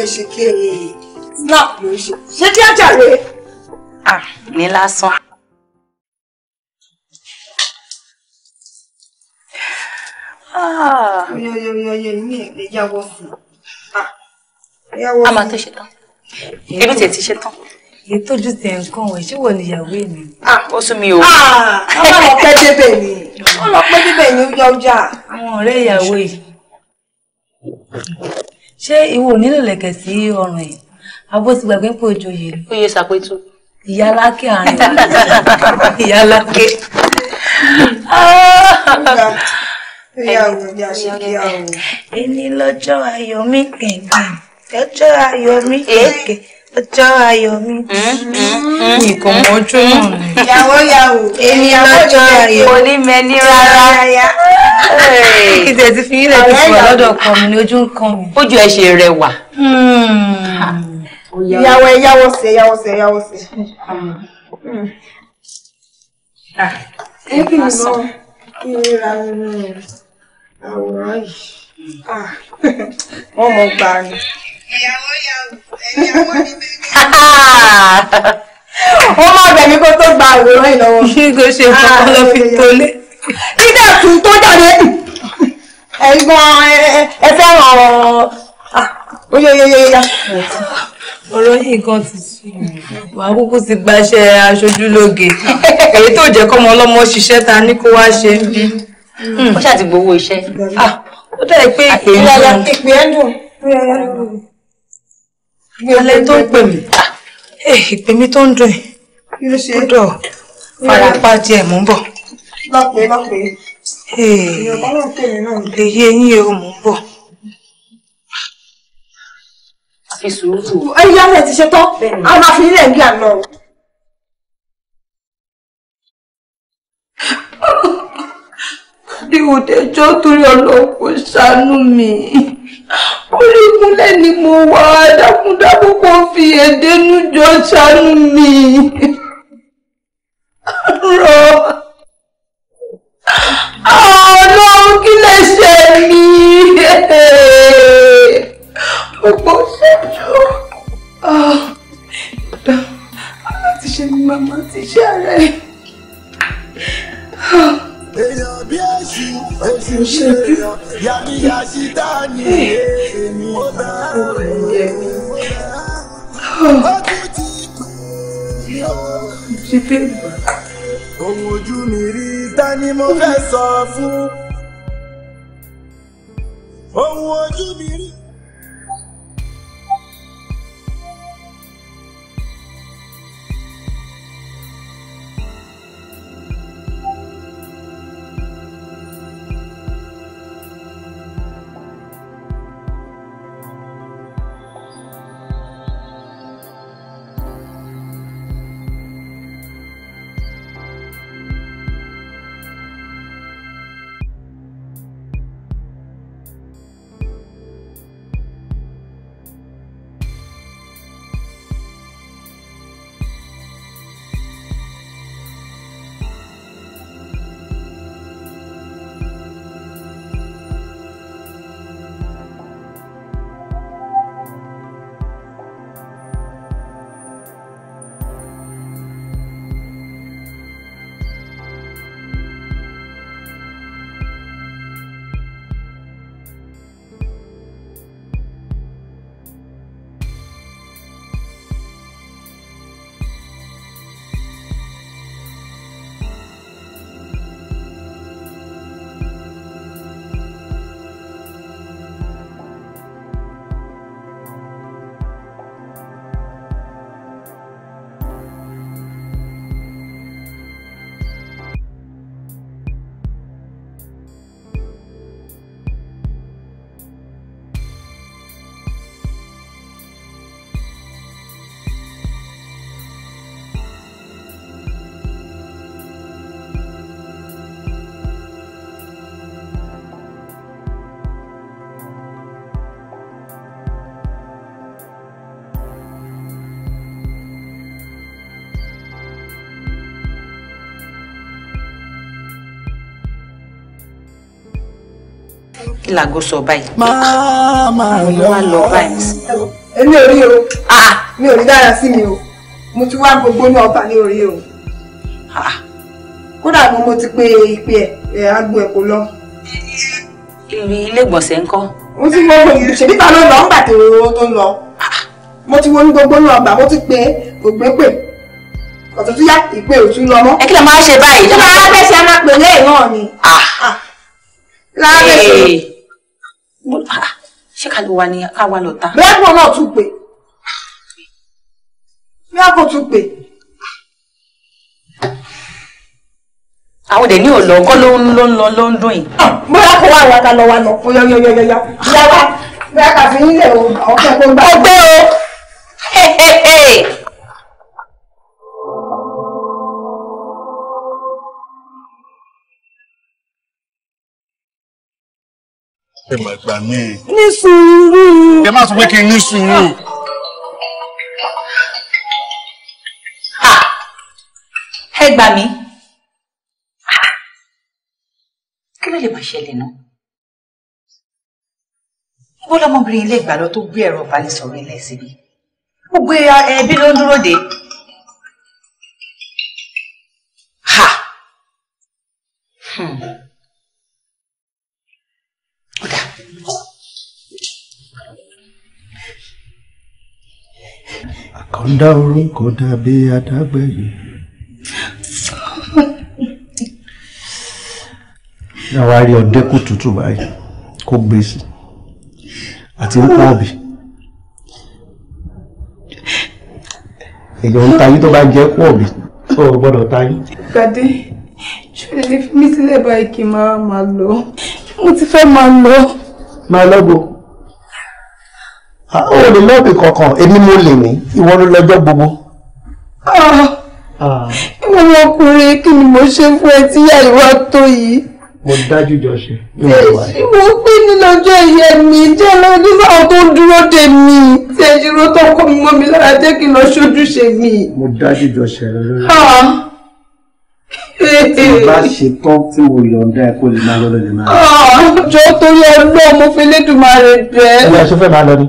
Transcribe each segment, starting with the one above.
ẹ ṣe kí á jàre. ní lásán. Ah. oyoyoyoyo mi ò lè yàwọ sí i. a máa tó ṣe tán èmi tẹ̀ ti ṣe tán èyí tójú tẹ nǹkan ẹ̀ ṣé wọ níyàwó èmi. ó sún mi o. ọmọ lọ débẹ̀ ni ọjà. àwọn ọ̀rẹ́ ìyàwó yìí ṣé ìwọ ò nílò lẹ̀kẹ̀ sí ọrùn ẹ̀ abó ti gbàgbé pé ojú oyè ni. oyè ṣàpètù. ìyáláké àárín ìyáláké. ẹni lọ́jọ́ ayọ̀ mi kẹ̀kẹ́ lọ́jọ́ ayọ̀ mi kẹ̀kẹ́ ọjọ́ ayọ̀ mi. nìkan mọ́jú náà ni. ìyàwó yàwó èmi lọ́jọ́ ayọ̀ kò ní mẹ́ni rárá. ìtẹ̀ fi ilẹ̀ tó sùn lọ́dọ̀ kan mi ni ojú ń kan mi. ojú ẹ ṣe rẹwà. Hmm. ìyàwó ẹ yáwó sí hmm. ah. ẹ yáwó sí ẹ yáwó sí. ẹ kì í kí n ra nínú àwòrán yìí ah. wọ́n mọ̀ gbà ìyàwó ìyàwó ni bẹ́ẹ̀ ó má bẹ̀mí kó tó gba àwòrán ìlọ́wọ́. ṣé kò ṣe kọ́kọ́ lọ fi ah, tolé. títà tù tó jáde ẹ̀gbọ́n ẹ fẹ́ràn ah, oyeyeyeya. ọ̀rọ̀ yìí kan ti sú mi wàá kúkú ti gbaṣẹ́ aṣojúlóge èyí tó jẹ́ kọ́mọ ọlọ́mọ ṣiṣẹ́ ta ní kó wá ṣe ń bí. ó ṣàtìgbowó iṣẹ́. Ah, ó dẹ̀ pé ìpè ẹ̀ ń dùn alẹ́ tó ń pè mí ìpè mí tó ń dùn yóò ṣe kúdọ̀ farapa tiẹ̀ mú bọ̀. lọ́pẹ́ lọ́pẹ́ ìyọ̀bá lè yé eyín o mú bọ̀. fi sùúrù. ẹyí alẹ́ ti ṣe tán a máa fi ilé ẹ̀gbẹ́ àná. bí òde jọ́ torí ọlọ́kùn ṣàánú mi orí ni mo wà dákúndákún kò fi èdénú jọ ṣàánú mi rọ ọlọ́run kí lè ṣe mí gbogbo ṣẹ́jú aláti ṣe mi màmá ti ṣe ara ẹ̀ èèyàn bí èṣù èṣù bí èèyàn yàmíyà sí dání èmi bá rẹ̀ ọdún ti pè mí o. ohun ojú mi rí dání mo fẹ́ sọ fún ohun ojú mi rí. kí làgó sọ báyìí. máa lọ wá lọ báyìí. èmi ò rí o ah, mi ò rí dára sí mi o mo ti wá gbogbo ọba ní orí o ah, kódà mo mo ti pe ìpè ẹ agbo ẹ kò lọ. ibi ilé ìgbọ̀nsẹ̀ ńkọ́. mo ti wo ṣèbí ta ló lọ ńgbà tó lọ ah, mo ti wo ní gbogbo mo ti pe kò gbé yá ìpè òtún lọ mọ́. ẹ kí lè máa ṣe báyìí. kí ló máa bẹ́sẹ̀ máa pè lẹ́ẹ̀ náà ni. láàárẹ̀ sọ̀rọ̀ ṣé ká ló wà ní káwa lọ ta. rẹ́pọ̀ náà tún pè rẹ́pọ̀ tún pè. àwọn dẹ̀ ní òlò ọkọ ló ń lọ lọ ló ń dún yìí. Ah, bóyá kó wá ìyá lọ wá lọ bóyá yọ yọ yọ yọ yá wá kà fi ń lè o àwọn kẹ́kọ̀ọ́ gbà. ọgbẹ́ o. ẹ máa gbà mí. ní sùúrù. ẹ má sọ pé kí n ní sùúrù. ẹ gbà mí. kí ló lè máa ṣẹlẹ̀ náà. níbo lọmọbìnrin ilé ìgbàlọ́ tó gbé ẹ̀rọ ìbánisọ̀rọ̀ ilẹ̀ síbi. gbogbo ẹbí ló ń dúró dè dá orúkọ dàbí adágbẹ̀yìn. àwa rí ọdẹ kò tútù báyìí kó gbé sí àti ń pọ̀ bì. èèyàn ń tayín tó bá jẹ́ pọ̀ bì ó gbọ́dọ̀ tayín. gbàdé ṣọlẹ lè fi mí sílẹ̀ báyìí kí n máa máa lọ mo ti fẹ́ máa lọ. máa lọ ó lè lọ́ọ̀bì kankan èmi mo lè ní ìwọ ló lọ́jọ́ gbogbo. mo ah. mọ ah. ọkùnrin kí ni mo ṣe fún ẹ tí ìyá ìwà tó yìí. mo dájú jọ ṣe. mo pè ní lọ́jọ́ ìyá mi jẹ́ lọ́jọ́ sáwọn tó ń dúró dè mí tí ẹ ṣe rọ́tọ̀ kọ́ mi mọ́ mi lára jẹ́ kí n lọ ṣojúṣe mi. mo dájú jọ ṣe rẹ ah. lórí. tí mo bá ṣe tán tí mo yọ̀ǹda ẹ kó lè máa lọ́dọ̀ lè máa. jọ torí ọlọ́ọ̀ mo fi lédùmarè bẹ́ẹ̀. ìyá ṣe fẹ́ máa lọ ni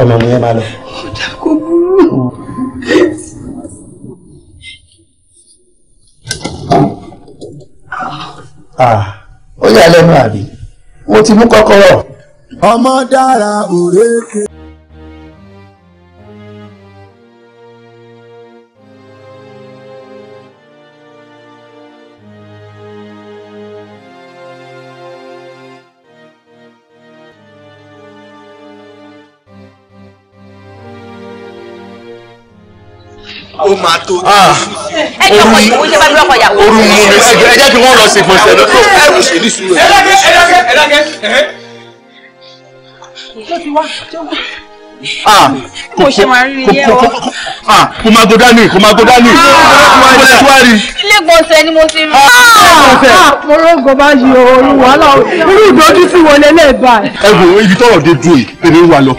ọmọ mi yẹn máa lọ. ọ̀dà kò burú. Ah, ó yà lẹ́nu àbí mo ti mú kọ́kọ́rọ́. ọmọ dára òrèké. ó máa tó. ẹ jẹ́ ọkọ ṣe bá mi lọ́kọ ìyàwó. oru mu mi sí ẹ kí wọ́n lọ sí ìfọ̀nsẹ̀ lọ. ẹ wù sí ní sùúrù. ẹ dákẹ́ ẹ dákẹ́ ti wá tó wá kò ṣe máa rí iye ọ. kò máa gbódá ní kò máa gbódá ní kò lè tó ilé gbọ̀nsẹ̀ ni mo ti rí. mo rògbò báyìí o olúwa lọ irú ìdójú sí wọlé lè bá ẹ. ẹ ibi tọrọ dé dùn yìí èmi wà lọ.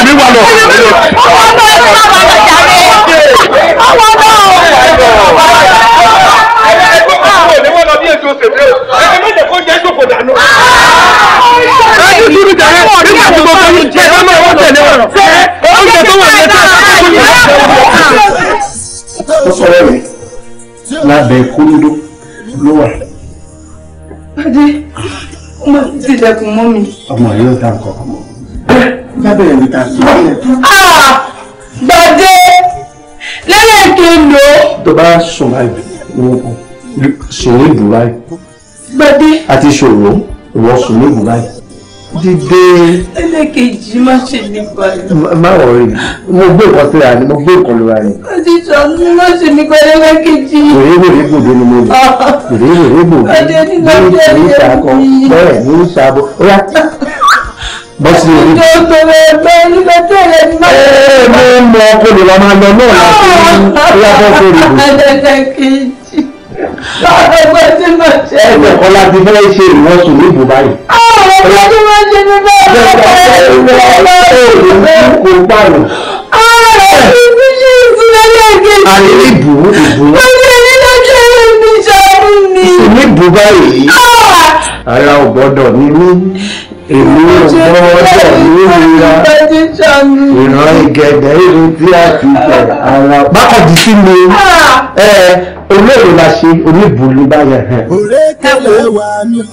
èmi wà lọ. ọmọ ọmọ ẹ bá bàbá jà àwọn náà ò ẹni dúró jàre nígbà tí mo fẹ́ jẹ ẹ máa wọ́n tẹ̀lé wọn fẹ́ oúnjẹ tó wà lẹ́tọ́ ó sọ̀rọ̀ rẹ̀ lábẹ́ kóńdó ló wà. Adé, mo ti dẹkùn mọ́ mi. Ọmọ yóò dá nǹkan kan mọ́. Lábẹ́ ìrìn tàbí ilẹ̀. Ah! Gbàdé! lẹ́yìn tó ń lò. tó bá sùn láì sùn ní ìlú láì. gbadé. àti ṣòro ìwọ sùn ní ìlú láì. dìde. ẹlẹ́kejì má ṣe ní balẹ̀. má wọrí mo gbé nǹkan tó yà ni mo gbé nǹkan lóra ni. àti sọ̀rọ̀ ni má ṣe ní balẹ̀ ẹlẹ́kejì. wèrèwèrè gbòde ni mo lò wèrèwèrè gbòde. adé nínú ọjọ́ ìyẹn mi. ní ìta kan bẹ́ẹ̀ ní ìta bọ́ ó yà bọ́ sí ẹni. ẹni tó tẹ̀lé ẹgbẹ́ nígbà tẹ̀lé ní bá. ẹ ẹ mo mọ kó lè wá máa lọ náà láti lábọ́ sórí ibò. ẹ̀ẹ́dẹ̀ kejì ọ̀gbẹ́ tí mo ṣe. ẹ̀ẹ́dẹ̀ kọ́lá ti fẹ́ ṣe ìwọ́sùn ní ibò báyìí. ọ̀gbẹ́ tí mo ṣe ní bẹ́ẹ̀ lọ́wọ́ ẹ̀ ẹ̀ ẹ̀ ẹ̀ mi. ìsinmi bù báyìí ah! ara ò gbọ́dọ̀ ní mí èmi ò gbọ́dọ̀ ní ìlera ìran ìgẹ̀dẹ̀ ìlú tí a ti tẹ̀ ara. bákan jù sí mi ah! olóòrò la ṣe oníbùrú báyà hàn. ẹ wo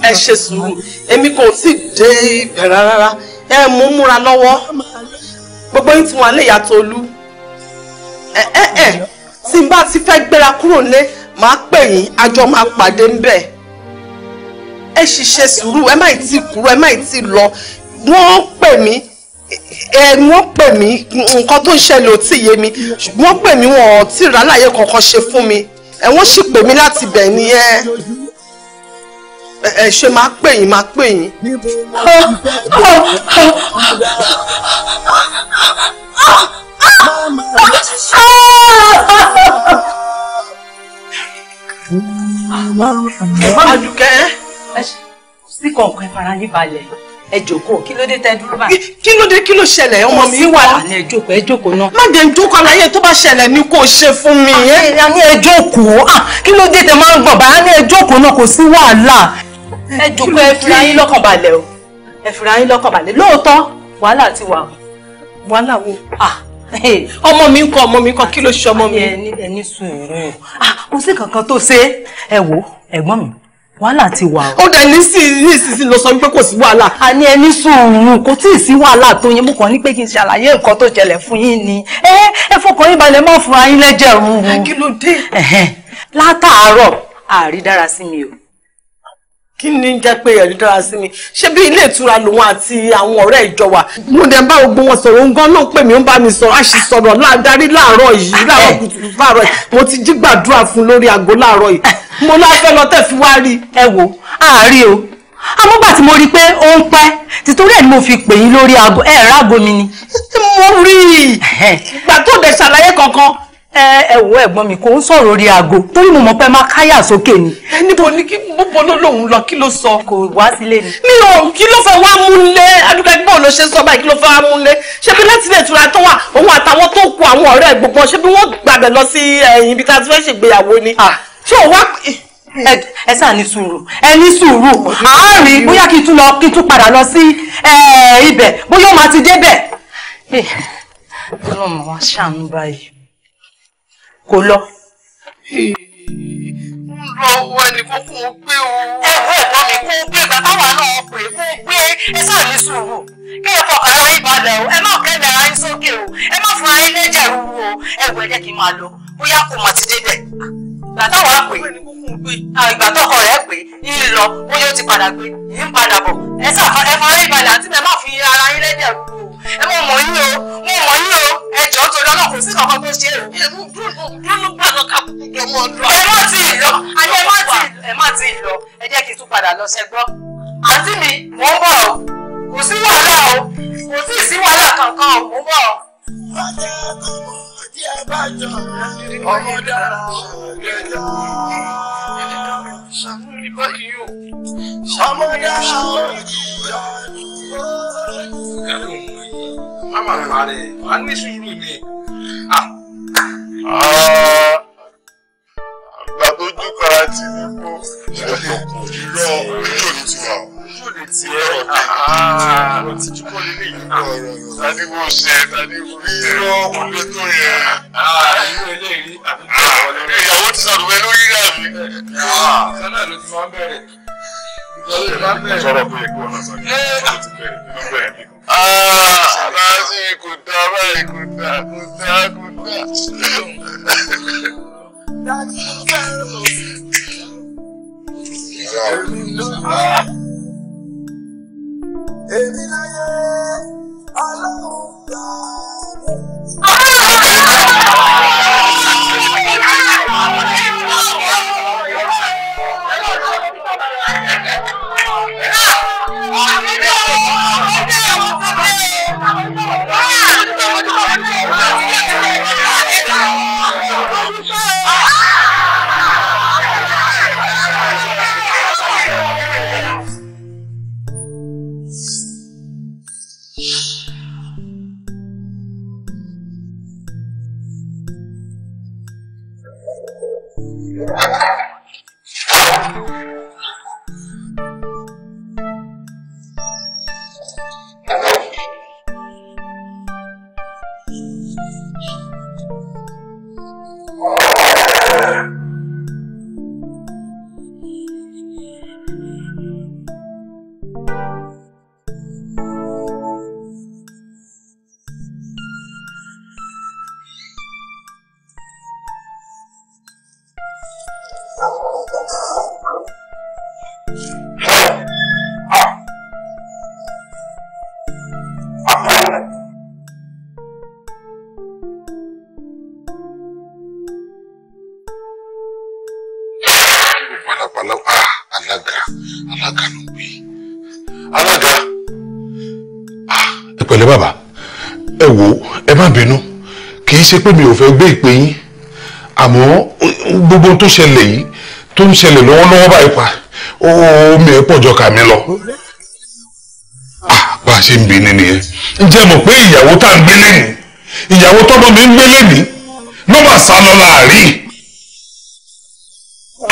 ẹ ṣe sùúrù èmi kò tí ì dé ibẹ̀ rárá ẹ mú múra lọ́wọ́ gbogbo yín ti wọn alẹ́ ìyá Tolú ẹ ẹ ẹ tí n bá ti fẹ́ gbéra kúrò lé màá pè yín àjọ máa pàdé ńbẹ̀ ẹ sì ṣe sùúrù ẹ má ti kúrò ẹ má ti lọ wọ́n pè mí ẹ wọ́n pè mí nǹkan tó ń ṣẹlẹ̀ ò tí yé mi wọ́n pè mí wọn ò tí rà láàyè kankan ṣe fún mi ẹ wọ́n sì pè mí láti bẹ̀ ni ẹ ẹ ṣe máa pè yín máa pè yín. Ah! Àdùkẹ́ sí kọ̀ọ̀kan fara yín balẹ̀ ẹ jókòó kí ló dé tẹ dúró bá. kí ló dé kí ló ṣẹlẹ̀ ọmọ mi wà. àní ẹ jókòó ẹ jókòó náà. má jẹ́ ìjókòó aláyé tó bá ṣẹlẹ̀ ni kò ṣe fún mi. àní ẹ jókòó kí ló dé tẹ máa ń gbọ̀n bá ní ẹ jókòó náà kò sí wàhálà. ẹ jókòó ẹ fira yín lọ́kàn balẹ̀ o ẹ fura yín lọ́kàn balẹ̀ lóòótọ́ wàhálà ti wà wàhálà wo. ah ọmọ mi ń kọ ọmọ mi ń kọ kí ló ṣe ọmọ mi. ẹni sùúrù ah, kò sí kankan tó ṣe ẹ wò ẹ̀gbọ́n mi wàhálà ti wà o. ó dà ní sí nísinsìnyí lọ sọ pé kò sí wàhálà. a ní ẹni sùúrù kò tí ì sí wàhálà tó yẹn mo kàn ní pé kí n ṣàlàyé nǹkan tó ṣẹlẹ̀ fún yín ni. ẹ ẹ fọkàn yín balẹ̀ má fura yín lẹ́jẹ̀ rúurú. kí ló dé. látàárọ̀ àrídára sí mi o kí ni jẹ́ pé ẹ̀rí dára sí mi ṣé bí ilé ìtura lòun àti àwọn ọ̀rẹ́ ìjọ wa. mo dẹ̀ bá gbogbo wọn sọ̀rọ̀ ń gan ló ń pè mí ó ń bá mi sọ̀rọ̀ àṣì sọ̀rọ̀ láàdárí láàárọ̀ yìí láàárọ̀ eh. kùtùkùtù láàárọ̀ yìí mo ti jí gbàdúrà fún lórí aago láàárọ̀ yìí eh. mo láfẹ́ lọ tẹ̀ fi wá rí. ẹ wo àárí o amúgbà tí mo rí i pé ó ń pẹ́ títorí ẹ̀ ni mo fi pè yín lórí aago ẹ̀ mi ni. mo rí i gbà tó ẹ wo ẹ̀gbọ́n mi kò ń sọ̀rọ̀ orí aago torí mo mọ̀ pé máa káyà sókè ni. ẹ níbo ni kí bóbó ló lòun lọ kí ló sọ. kò wá sílé ni. mi ò kí ló fẹ́ wá múlé adúgbò ẹgbẹ́ òun ló ṣe sọ báyìí kí ló fẹ́ wá múlé ṣé bí láti ilé ìtura tó wà òun àtàwọn tó kù àwọn ọ̀rẹ́ gbogbo ṣé bí wọ́n gbàgbẹ́ lọ sí ibi tá a ti fẹ́ ṣègbéyàwó ni. ṣé o wá ẹ sáà ní sùúrù ẹ ní sùúrù àárín bóyá kí n tún lọ kí n tún padà lọ sí ibẹ̀ bóyá ó máa ti débẹ̀. ọlọ́run wá ṣàánú báyìí kò lọ. ń lọ owó ẹni kó kún un gbé o. ẹ wo ẹ̀gbọ́n mi kún gbé ìgbà táwa náà pè é gbé ẹ sáà ní sùúrù kí ẹ fọkàn ara yín balẹ̀ o ẹ má kẹ́lẹ̀ ara yín sókè o ẹ má fún ara yín lẹ́jẹ̀ rúru o ẹ wọ ẹ kí n máa lọ bóyá kò mọ̀ ti débẹ̀ ìgbà táwa pè ìgbà tọkọ rẹ pè ń lọ bóyá ó ti padà gbé ń padà bọ̀ ẹ sáà ẹ fọ ara yín balẹ̀ àti ẹ má fi ara yín lẹ́jẹ̀ rúru o ẹ mọ̀ mọ̀ yín o mo mọ̀ yín o ẹ jọ torí ọlọ́kùnrin sí kankan tó ṣe é dúró gbàgbọ́ ká gbogbo ọmọ ọdún. ẹ má ti lọ ẹ má ti ẹ má ti lọ ẹ jẹ́ kí n tún padà lọ ṣẹgbọ́ àǹtí mi mò ń bọ̀ kò sí wàhálà o kò sí sí wàhálà kankan o mò ń bọ̀. ọjà tó mọ̀ tí ẹ bá jọ ọmọ dára ọ̀gẹ̀dẹ̀ ṣàmúlì báyìí o ṣàmúlì ṣàmúlì ìjọ má má pa rẹ̀ wà ní sùúrù ni. àgbà tó jú kara tì mí kó irọ́ ojú òní ti wà o. ojú òní ti wà o. ọ̀rọ̀ ti jú kọ́ nílé yìí. ọ̀rọ̀ tani mo ṣe tani mo rí irọ́ olè tó yẹ. irú eléyìí àbí ìyàwó ti sọ̀rọ̀ pé lórí Ah, kò dá báyìí kò dá kò dá kò dá. Èmi láyé, ọlọ́run gbà mí. 啊！啊！啊！啊！啊！啊！ṣe pé mi ò fẹ́ gbé ìpè yín àmọ́ gbogbo tó ṣẹlẹ̀ yìí tó ń ṣẹlẹ̀ lọ́wọ́lọ́wọ́ báyìí pa omi ẹ̀ pọ̀jọ kà mí lọ. Ah, bá a ṣe ń bi ni nìyẹn ǹjẹ́ mọ̀ pé ìyàwó tá à ń gbélé ni ìyàwó tọ́mọ mi ń gbélé ni nọ́mbà sá lọ láàrin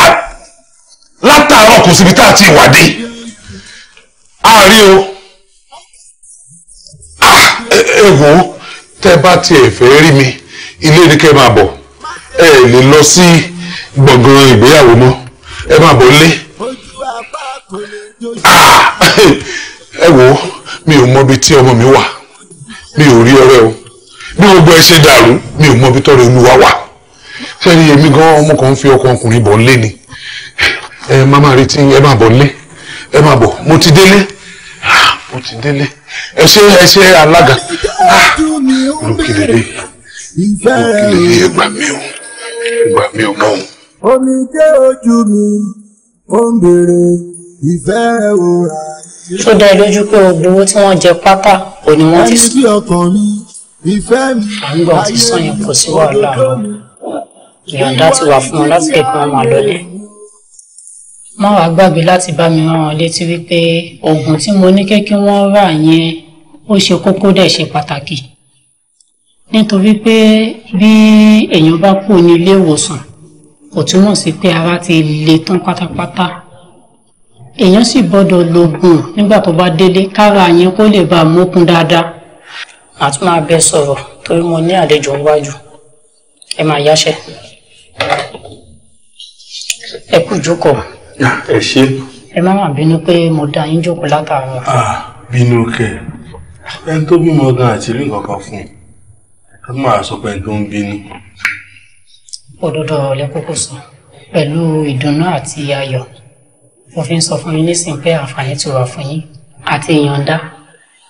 ah, látàárọ̀ kò síbi tá a ti wà àárín o ah, ẹ tẹ́ bá tiẹ̀ fẹ́ rí mi. ilé ni kẹ́ máa bọ̀ ẹ lè lọ sí gbọ̀ngàn ìgbéyàwó mọ́ ẹ máa bọ̀ lé. Ah! ẹ wo mi ò mọbi tí ọmọ mi wà mi ò rí ọrẹ o bí gbogbo ẹ ṣe mi ò mọbi tọrọ olúwa wà sẹ́ni èmi gan ọmọ kan fi ọkọ ọkùnrin bọ̀ lé ni ẹ má má retí ẹ má bọ̀ lé ẹ má bọ̀ mo ti délé ah! mo ti délé ẹ ṣe ẹ ṣe alága ah! ìfẹ́ rẹ̀ o. ìyẹn gbà mí o ojú mi ó ń béèrè ìfẹ́ rẹ̀ o. tó dá ẹ lójú pé gbogbo owó tí wọ́n jẹ pátá kò ní wọ́n ti sọ. ẹni bí ọkàn mi ìfẹ́ mi. àǹgbọ̀n ti sàn yẹn kò sí wàhálà ìyọ̀ǹda ti wà fún wọn láti lè fún ọmọ àlọ́lé má wàá gbàgbé láti bá mi rán wọn létí wípé oògùn tí mo ní kí wọ́n rà yẹn ó ṣe kókó dẹ̀ ṣe pàtàkì nítorí pé bí èèyàn bá kú ní ilé ìwòsàn kò túmọ̀ sí pé ara ti le tán pátápátá èèyàn sì gbọ́dọ̀ lògùn nígbà tó bá délé kára yẹn kó lè bá mókun dáadáa màá tún máa bẹ sọ̀rọ̀ torí mo ní àlejò níwájú ẹ máa yáṣẹ́ ẹ kú jókòó. ẹ ṣe. ẹ má má bínú pé mo dá yín jókòó látàárọ̀. Ah, bínú kẹ ẹni tó bímọ gan àti rí nǹkan kan fún un ẹ máa sọ pé tó ń bínú. òdodo ọ̀lẹ́ kókó sọ pẹ̀lú ìdùnnú àti ayọ̀ mo fi ń sọ fún yín nísìnyí pé àǹfààní ti wà fún yín àti ìyọ̀ǹda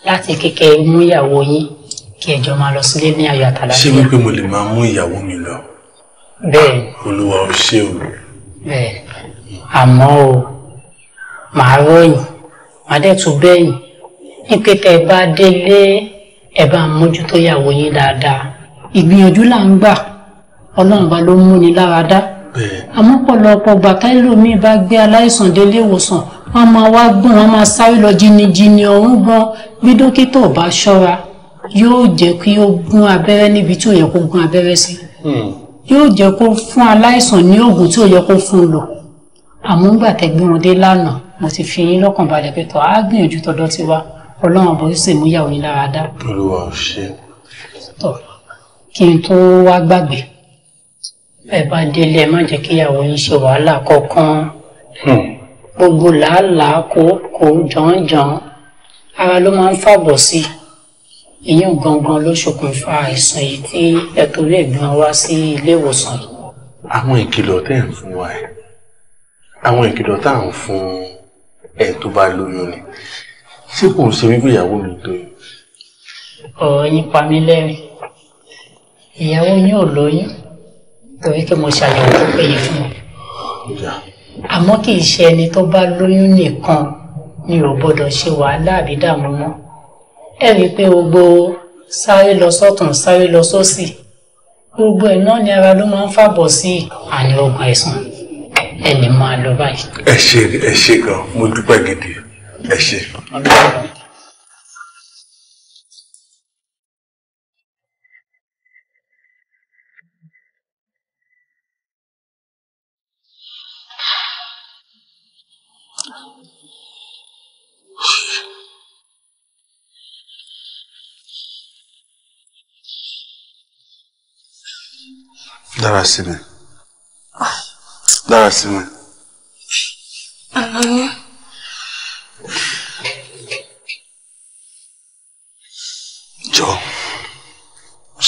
láti kékè mú ìyàwó yín kí ẹ jọ máa lọ sílé ní ayọ̀ àtàlàfíà. ṣé wípé mo lè máa mú ìyàwó mi lọ. bẹ́ẹ̀. olúwa ò ṣe o. bẹ́ẹ̀ àmọ́ o màá ròyìn màá dẹ̀ tún bẹ́yìn ní pé bá délé ẹ bá mójútó ìyàwó yín dáadáa ìgbìyànjú là ń gbà ọlọ́run bá ló ń múni lára dá àmọ́ pọ̀lọpọ̀ bàtà ẹlòmíín bá gbé aláìsàn délé ìwòsàn wọ́n máa wá gbọ́n wọ́n máa sáré lọ jìnnìjìnnì ọ̀hún gan bí dókítà ò bá ṣọ́ra yóò jẹ́ kí ó gún abẹ́rẹ́ níbi tí ò yẹ kó gún abẹ́rẹ́ sí hmm. yóò jẹ́ kó fún aláìsàn ní oògùn tí ò yẹ kó fún un lò àmọ́ ńgbà tẹ́gbẹ́ wọn dé lánàá mo ti fi yín lọ́kàn balẹ̀ pé á gbìyànjú tọ́dọ́ tiwa ọlọ́run àbọ̀ yóò sì mú ìyàwó yín lára dá. olúwa ò ṣe. tọ kí n tó wá gbàgbé ẹ bá délé ẹ má jẹ́ kí ìyàwó yín ṣe wàhálà kankan hmm. gbogbo làálàá kòókòó jọ̀ọ́jọ̀ọ́ ara ló máa ń fàbọ̀ sí i ìyẹn gangan ló ṣokùnfà àìsàn yìí tí ẹ torí ẹ̀gbọ́n wá sí ilé ìwòsàn àwọn ìkìlọ̀ tẹ́ ń fún wa ẹ̀ àwọn ìkìlọ̀ tá à ń fún ẹ̀ tó bá lóyún ni ṣé kò ń ṣe wípé ìyàwó mi tó yìí. ọ̀rọ̀ yín pa mí lẹ́rìn ìyàwó yín ò lóyún torí pé mo ṣàyẹ̀wò tó péye fún wọn. àmọ́ kì í ṣe ẹni tó bá lóyún nìkan ni ò gbọ́dọ̀ ṣe wàhálà àbí dààmú mọ́ ẹ rí i pé gbogbo sáré lọ sọ́tún sáré lọ sósì gbogbo ẹ̀ náà ni ara ló máa ń fàbọ̀ sí àní ogun àìsàn ẹ lè máa lọ báyìí. ẹ ṣe ẹ ṣe gan mo dúpẹ́ gidi. Eşi. Darasını. Darasını. Anne. jọ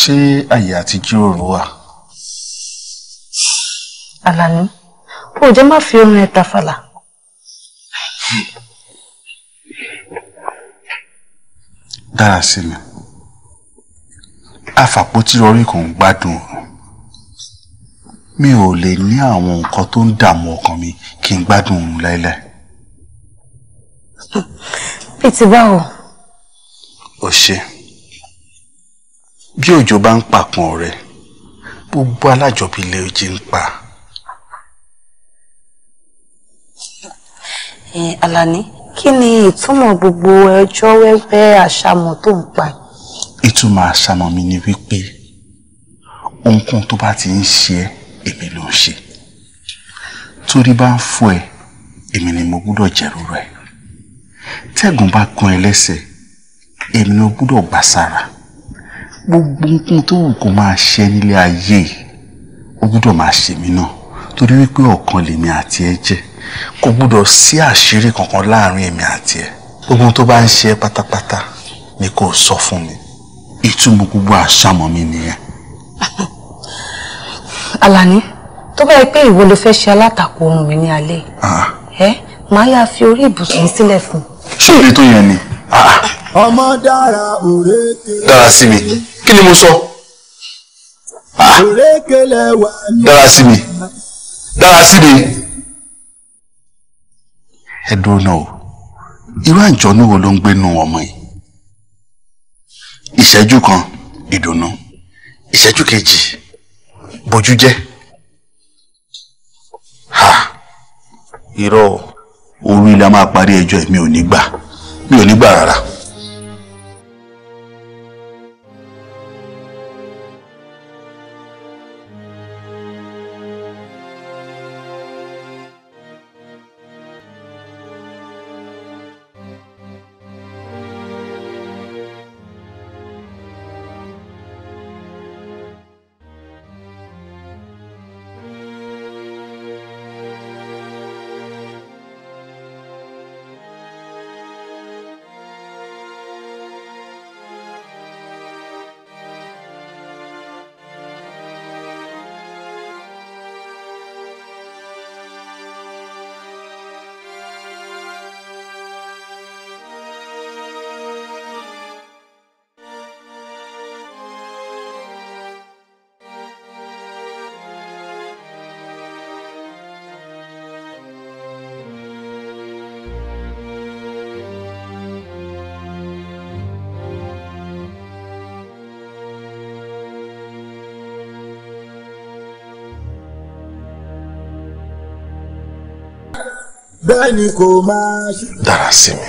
ṣé àyè àti jíròrò wà. Àlàní ó jẹ́ má fi orin ẹ̀ tàfàlà. dára sí mi àfàpótí rọrí kò ń gbádùn mi ò lè ní àwọn nǹkan tó ń dààmú ọkàn mi kí n gbádùn òun láéláé. bí báwo. o ṣe bí òjò bá ń pàpọn ọ̀rẹ́ gbogbo alájọbí ilé ojì ń pa. Alani kí ni ìtumọ̀ gbogbo ẹjọ́ wẹ́wẹ́ àṣàmọ̀ tó ń pa? ìtumọ̀ àṣàmọ̀ mi ni wípé ohunkóhun tó bá ti ń ṣe ẹ́ èmi ló ń ṣe torí bá ń fọ́ ẹ èmi ni mo gbúdọ̀ jẹ̀rú rẹ̀ tẹ́gùn bá gún ẹ lẹ́sẹ̀ èmi ni mo gbúdọ̀ gbà sára gbogbo nǹkan tó wù kó máa ṣe nílé ayé ó gbúdọ̀ máa ṣe mí náà torí wípé ọ̀kan lèmi àti ẹ jẹ́ kò gbúdọ̀ sí àṣírí kankan láàrin èmi àti ẹ gbogbo tó bá ń ṣe pátápátá ni kò sọ fún mi ìtumọ̀ gbogbo àṣàmọ̀ mi nìyẹn. Alani tó bá yẹ pé ìwọ ló fẹ́ ṣe alátakò oorun mi ní alẹ́ ẹ màá yà fi orí ìbùsùn sílẹ̀ fún. ṣé èyí tó yẹn ni. ọmọ dára òré dára sí mi kí ni mo sọ ah, dára sí mi dára sí mi ẹ dúró náà irú àǹjọ́nú wo ló ń gbénu ọmọ yìí ìṣẹ́jú kan ìdùnnú ìṣẹ́jú kejì bójú jẹ́ ha irọ́ orí la máa parí ẹjọ́ mi ò ní gbà mi ò ní gbà rárá. ẹni kò máa ṣe. dára sí mi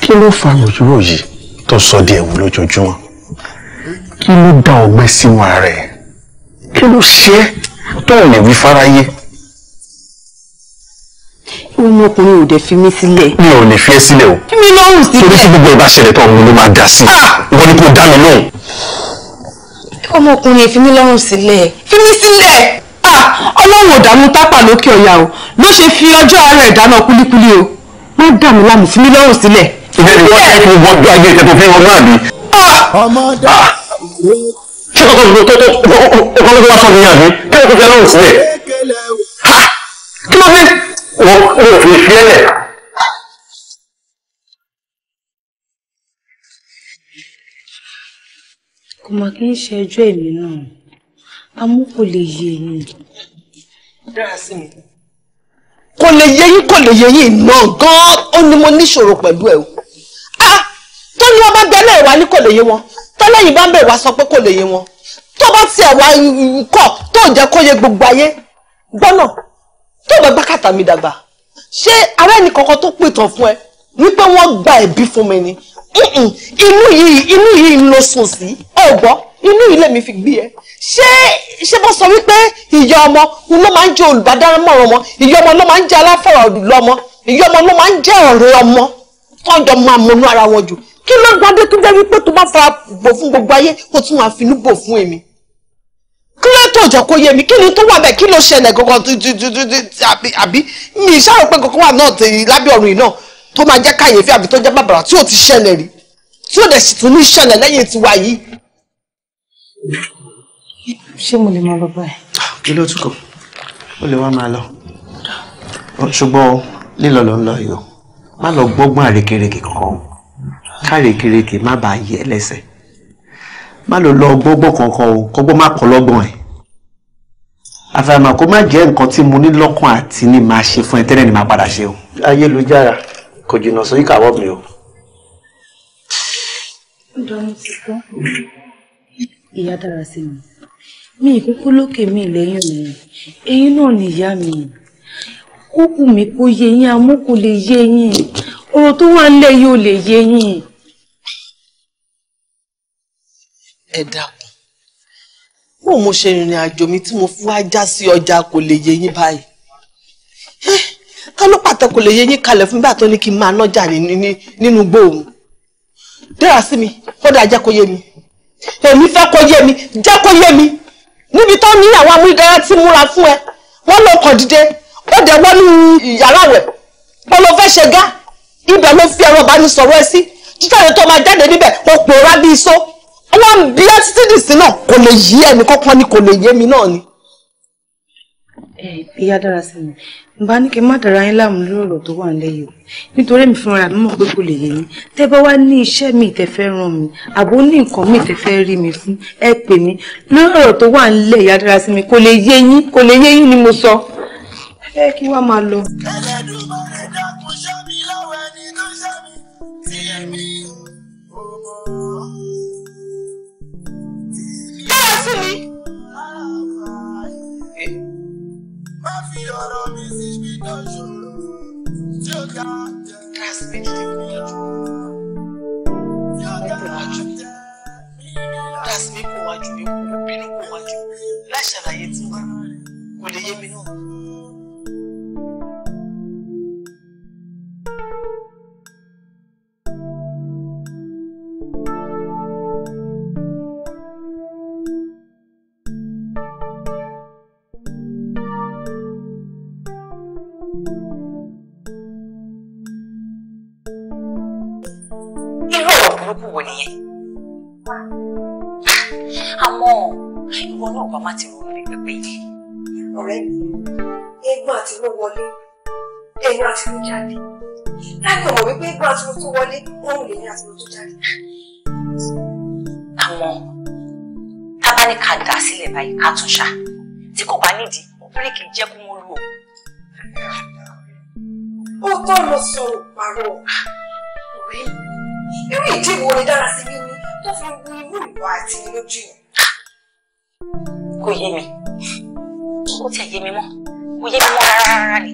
kí ló fa yòjúrò yìí tó sọ di ẹ̀wù lójoojúmọ́ kí ló da ọgbẹ́ sínú ara ẹ̀ kí ló ṣe é tó ò lè wí fáráyé. ọmọkùnrin ò dẹ̀ fi mí sílẹ̀. mi ò lè fi ẹ́ sílẹ̀ o. fi mí lọ́rùn sílẹ̀. torí tí gbogbo ẹ tó ọ̀hún ló máa ga sí ah! wọ́n ní kó dá mi lóhùn. ọmọkùnrin fi mí lọ́rùn sílẹ̀ fi mí sílẹ̀ ọlọ́run ò dààmú tápà lókè ọ̀yà o ló ṣe fi ọjọ́ ààrẹ ìdáná kúlíkúlí o má dà mí láàmú sí mi lọ́rùn sílẹ̀. ìbẹ̀rẹ̀ wọn ẹ fi wọjọ ayé ìtẹ́tọ̀ fún ọmọ àbí. ọmọdé ṣé kókó mi tó tó kọ́ ló wá sọ mi àbí kí ló fi lọ́rùn sílẹ̀ kí ló fi wọ́n ò fi fi ẹ̀lẹ̀. kò mà kí ń ṣe ẹjọ́ èmi náà amú kò lè yé yín. dára sí mi. kò lè yé yín kò lè yé yín náà gan-an ó ní mo níṣòro pẹ̀lú ẹ̀ o. Ah, tó ní wọn bá bẹ́lẹ̀ wá ní kò lè yé wọn tọ́lẹ́yìn bá ń bẹ̀ wá sọ pé kò lè yé wọn tó bá tiẹ̀ wá kọ̀ tó jẹ́ kó yé gbogbo ayé gbọ́nà tó bá gbá kàtà mi dàgbà ṣé ará ẹnì kankan tó pìtàn fún ẹ wípé wọ́n gba ẹ̀bí fún mi ni inú yìí inú yìí ń lo sùn sí ọ̀gbọ́n inú yìí lèmi fi gbé ẹ ṣé ṣé bó sọ wípé ìyá ọmọ ló máa ń jẹ olùbádámọ̀ràn ọmọ ìyá ọmọ ló máa ń jẹ aláfọ̀rọ̀ lọ́mọ ìyá ọmọ ló máa ń jẹ ọ̀rẹ́ ọmọ tọ́jọ́ máa mọnú ara wọn jù kí ló gbádé kí ló wípé tó bá fara bò fún gbogbo ayé kó tún máa finú bò fún èmi kí ló tó jọ kó yé mi kí ni tó wà bẹ́ẹ̀ kí ló ṣẹlẹ̀ gangan àbí mi ìṣàrò pé kankan wà náà tèyí lábẹ́ ọ̀run yìí náà tó máa jẹ́ kàyéfì àbí tó jẹ́ bàbàrà tí ò ti ṣẹlẹ̀ rí tí ò dẹ̀ sì tún ní ṣẹlẹ̀ lẹ́yìn tiwa yìí ṣé mo lè máa lọ báyìí. kí ló tún kọ ó lè wá máa lọ ṣùgbọ́n lílọ ló ń lọ yìí o má lọ gbọ́gbọ́n àrékérekè kankan kárékérekè má bàa yẹ lẹ́sẹ̀ má lọ lọ gbọ́gbọ́n kankan o kọ́gbọ́n má kọ́ lọ́gbọ́n ẹ̀ àfàìmọ̀ kó má jẹ́ nǹkan tí mo ní lọ́kàn àti ní máa ṣe fún ẹ tẹ́lẹ̀ ni máa padà ṣe o. ayélujára kò jìnnà sórí kàwọ́ mi o. ìyá dára sí mi mi ìkúkú lókè mi lẹ́yìn mi ẹ̀yin náà nìyá mi ó wù mí kó yé yín àmọ́ kò lè yé yín ọ̀rọ̀ tó wà nílẹ̀ yóò lè yé yín. ẹ dákun bó mo ṣe rìnrìn àjò mi tí mo fi wá já sí ọjà kò lè yé yín báyìí ká ló pàtàkì kò lè yé yín kalẹ̀ fún bá tó kí n máa nájà nínú gbòòrùn dẹ́ra sí mi kódà jẹ́ kó yé mi èmi fẹ́ kó yé mi jẹ́ kó yé mi níbi tó ní àwọn amúdára tí múra fún ẹ wọ́n ló kàn dìde ó dẹ̀ wọ́n ní yàrá rẹ̀ wọ́n ló fẹ́ ṣe gá ibẹ̀ ló fi ẹ̀rọ ìbánisọ̀rọ̀ ẹ sí jíjáde tó máa jáde níbẹ̀ mo pòórá bí iṣó wọ́n bí ẹ́ títí dìsí náà kò lè yí ẹnì kankan ni kò lè yé mi náà ni ìyá dára sí mi n bá ní kí n má dára yín láàmú lórí ọ̀rọ̀ tó wà nílẹ̀ yìí nítorí mi fúnra mi mọ̀ pé kò lè yé yín tẹ́ bá wá ní iṣẹ́ mi tẹ́ fẹ́ ràn mí àbó ní nǹkan mi tẹ́ fẹ́ rí mi fún ẹ pè mí lórí ọ̀rọ̀ tó wà nílẹ̀ ìyá dára sí mi kò lè yé yín kò lè yé yín ni mo sọ ẹ kí wá máa lọ. sí mi kò wájú mi kò kò wájú láì tiwa kò lè yé mi náà. ìwọ náà bá má ti ronú ní pẹpẹ yìí. ọ̀rẹ́ mi eégún àti ló wọlé ẹ̀yìn àti ló jáde láti ọ̀rọ̀ wípé eégún àti ló tó wọlé òun lè ní àti ló tó jáde. àmọ́ tá a bá ní ká dà sílẹ̀ báyìí ká tún ṣá tí kò bá nídìí bíríkì jẹ́ kó wọ́n lù ó. ó tọ́ lọ sọ̀rọ̀ pàrọ̀ ọ̀rẹ́ irú ìdí wo dára sí mímí tó fi wu inú ìwà àti inú jù kò yé mi kò tiẹ̀ yé mi mọ́ kò yé mi mọ́ rárá rárá ni.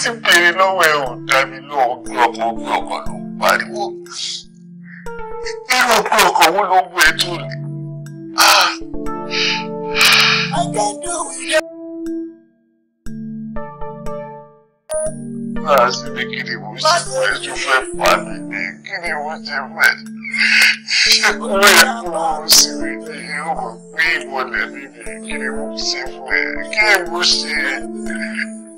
tí ń béèrè lọ́wọ́ ẹ ò dá mi lọ ọgbẹ́ ọkọ̀ ọgbẹ́ ọkọ̀ ló ń pariwo irú ọgbẹ́ ọkọ̀ wo ló mú ẹ tó lè. Náà ah! sì ni kí ni mo ṣe fẹ́ tó fẹ́ pa mí ní kí ni mo ṣe fẹ́. Ṣé kúrò ẹ̀ kúrò mo sì rí ní ìhòòhò pé ìmọ̀lẹ̀ mi ni kí ni mo ṣe fẹ́ kí ni mo ṣe.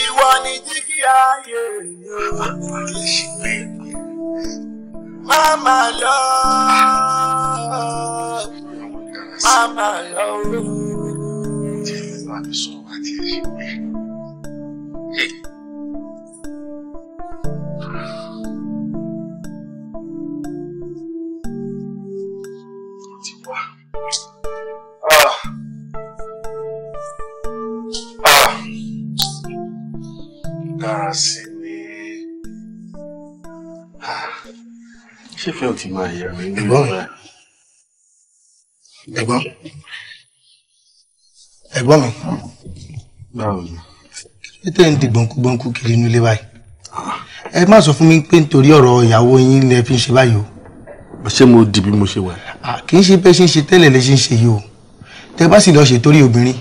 ìwọ ni jíkí ayé yìí mama lọ mama lọ. máa yẹ mí gbọ́ rẹ̀. ẹ̀gbọ́n ẹ̀gbọ́n mi. báwo ni. ṣé tẹ́ ń di gbọ̀nkúgbọ̀nkú kiri inú ilé báyìí. ẹ má sọ fún mi pé nítorí ọ̀rọ̀ ìyàwó yín lẹ fi ń ṣe báyìí o. ṣé mo di bí mo ṣe wà. kì í ṣe bẹ́ẹ̀ ṣe ń ṣe tẹ́lẹ̀ lẹ ṣe ń ṣe yìí o tẹ bá sì lọ ṣe torí obìnrin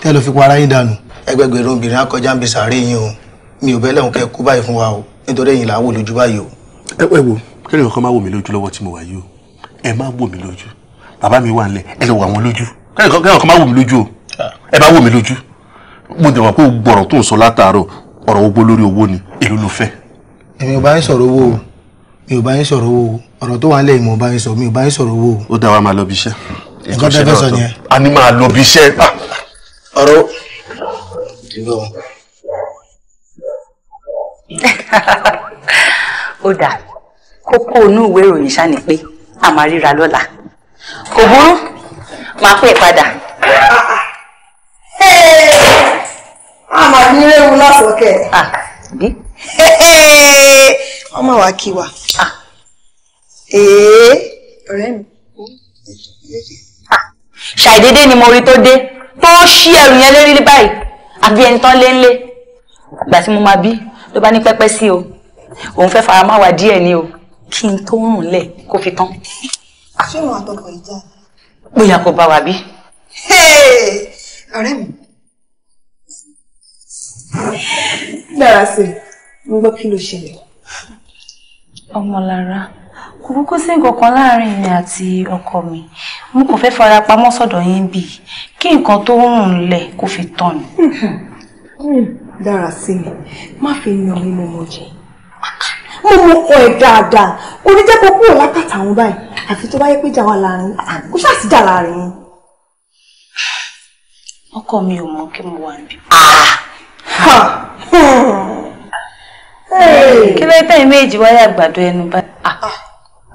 tẹ lọ fi para yín dànù ẹgbẹgbẹ̀rún obìnrin akọjá ń bi sàárè yín o mi ò bẹ́ẹ̀ lẹ́hùn kẹ́ kú báyìí fún wa o nítorí ẹ̀yin làá wò lójú báyìí o. ẹ wẹ́ wo kẹ́lẹ́ ọkọ má wò mí lójú lọ́wọ́ tí mo wà yìí o ẹ má wò mí lójú bàbá mi wà ńlẹ̀ ẹ lè wà wọn lójú kẹ́lẹ́ ọkọ má wò mí lójú o ẹ bá wò mí lójú mo dẹ̀ mọ̀ pé gbọ̀rọ̀ tó ń sọ látàárọ̀ ọ̀rọ̀ gbogbo lórí owó ni èló ló fẹ́. èmi ò bá yín sọ̀rọ̀ owó o mi ò bá yín sọ̀rọ̀ owó o ọ̀rọ̀ tó wà ńlẹ̀ yìí mo bá yín sọ mi ò bá yín sọ̀rọ̀ owó o. ó dá wa máa lọ bí iṣẹ́. nǹkan tẹ́ sọ kókó inú ìwé ìròyìn ṣá ni pé a máa ríra lọ́la kò burú máa pè padà. a máa ní ewu lásọkẹ. Ah, ọmọ wa kí wa. Ah. ọ̀rẹ́ ah, ṣàìdédé ni mo rí tó dé tó ṣí ẹrù yẹn lérí báyìí àbí ẹni tán lé ńlé ìgbà tí mo máa bí ló bá ní pẹ́pẹ́ sí o òun fẹ́ fara máa wà díẹ̀ ni o kí n tó rùn lẹ̀ kó fi tán. Ah. ṣé wọn àtọkọ ìjà. bóyá kò bá wa bí. ọ̀rẹ́ mi. dára sí i mo gbọ́ kí ló ṣẹlẹ̀. ọmọlára kò kúkú sí nǹkan kan láàrin mi àti ọkọ mi mo kò fẹ́ fara pamọ́ sọ́dọ̀ yín bí kí nǹkan tó rùn lẹ̀ kó fi tán hmm. Hmm. dára sí mi má fi yan mi mọ jẹ mo mọ ọ ẹ dáadáa kò ní jẹ́ kó kúrò lákàtà àwọn báyìí àfi tó bá yẹ pé jà wà láàrin kó ṣáà sí jà láàrin yín. ọkọ mi ò mọ kí mo wà níbí. kí ló tẹ́ méjì wáyà àgbàdo ẹnu báyìí. Ah! Ah!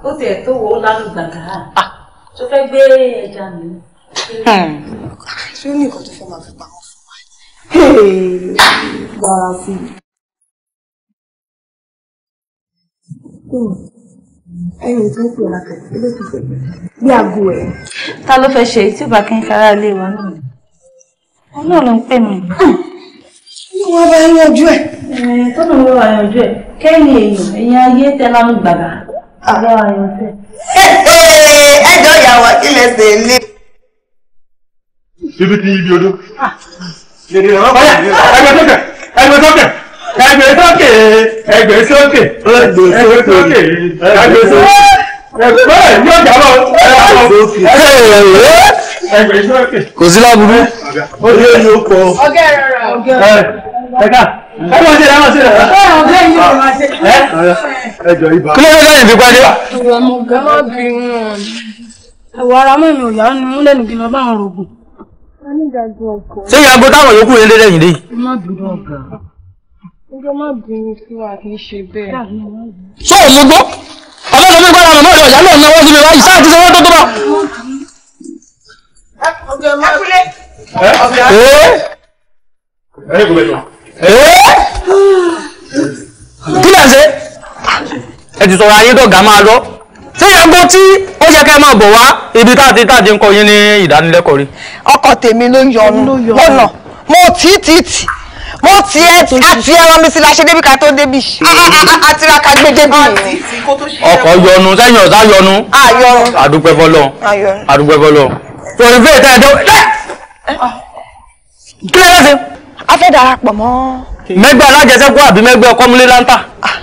ó tiẹ̀ tó wo lánàá gbàgbà tó ah! fẹ́ gbé ẹja mi. Hmm. ṣé ó ní nǹkan tó fẹ́ máa fi pamọ́ fún wa. gbàrà sí i. Hmm. ẹyin tó ń pè lákàtà ilé tó fẹ́ bí aago ẹ̀. ta ló fẹ́ ṣe èyí tí ò bá kí n kára lé wa náà ni òun náà ló ń pè mí. ní wọ́n bá yanjú ẹ̀. tọ́nà ló wà yanjú ẹ̀ kẹ́yìn èèyàn ẹ̀yin ayé tẹ lánàá gbàgbà àbá wa yanjú ẹ̀. ẹjọ́ ìyàwó akílẹ̀ ṣe é lé. bíbí ti yí bí odó. Ah. ẹgbẹ́ sókè ẹgbẹ́ sókè ẹgbẹ́ sókè. ẹgbẹ́ sókè ẹgbẹ́ sókè ẹgbẹ́ sókè sókè. kò sí ó yẹ kọ. ẹ. ká ẹ máa ṣe ẹ máa ṣe yìí máa ṣe. ẹ jọ ibà. kí ló dé lẹ́yìn bí wọn ara mi ò yá ni lọ bá àwọn ṣé táwọn yòókù yẹn lẹ́yìn ọjọ́ má gbọ́ ọlọ́run mi gbọ́dọ̀ mọ́ ìrọ̀jà náà náwó síbi báyìí sáà ti sanwó tó tó bá. ẹ ti sọ̀rọ̀ ayé dọ̀gá máa lọ ó yẹ kẹ́ máa bọ̀ wá ibi tá a ń kọ́ yín ní ìdánilẹ́kọ̀ọ́ rí. ọkọ tèmi ló yọnu lọ́nà mo tì tì tì mo ti ẹ àti ẹran mi sí la ṣe débi ká tó débi àti ah, ah, ah, ra ká gbé débi ni. ọkọ yọnu sẹyìn ọsà yọnu àdúgbẹ fọlọ àdúgbẹ fọlọ. torí bẹ́ẹ̀ tẹ́ ẹ jẹ́ kí ló dé. a fẹ́ darapọ̀ mọ́. mẹ́gbẹ́ alájẹsẹ́kù àbí mẹ́gbẹ́ ọkọ́múlé láńtà.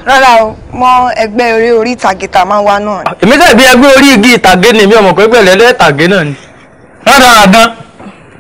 rárá o mọ ẹgbẹ́ orí orí ìtàgé tá a máa wá náà. èmi tẹ̀ bí ẹgbẹ́ orí igi ìtàgé ni mi ò mọ̀ pé gbẹ̀lẹ́lẹ́ ìtàgé náà ni. rárá àdán.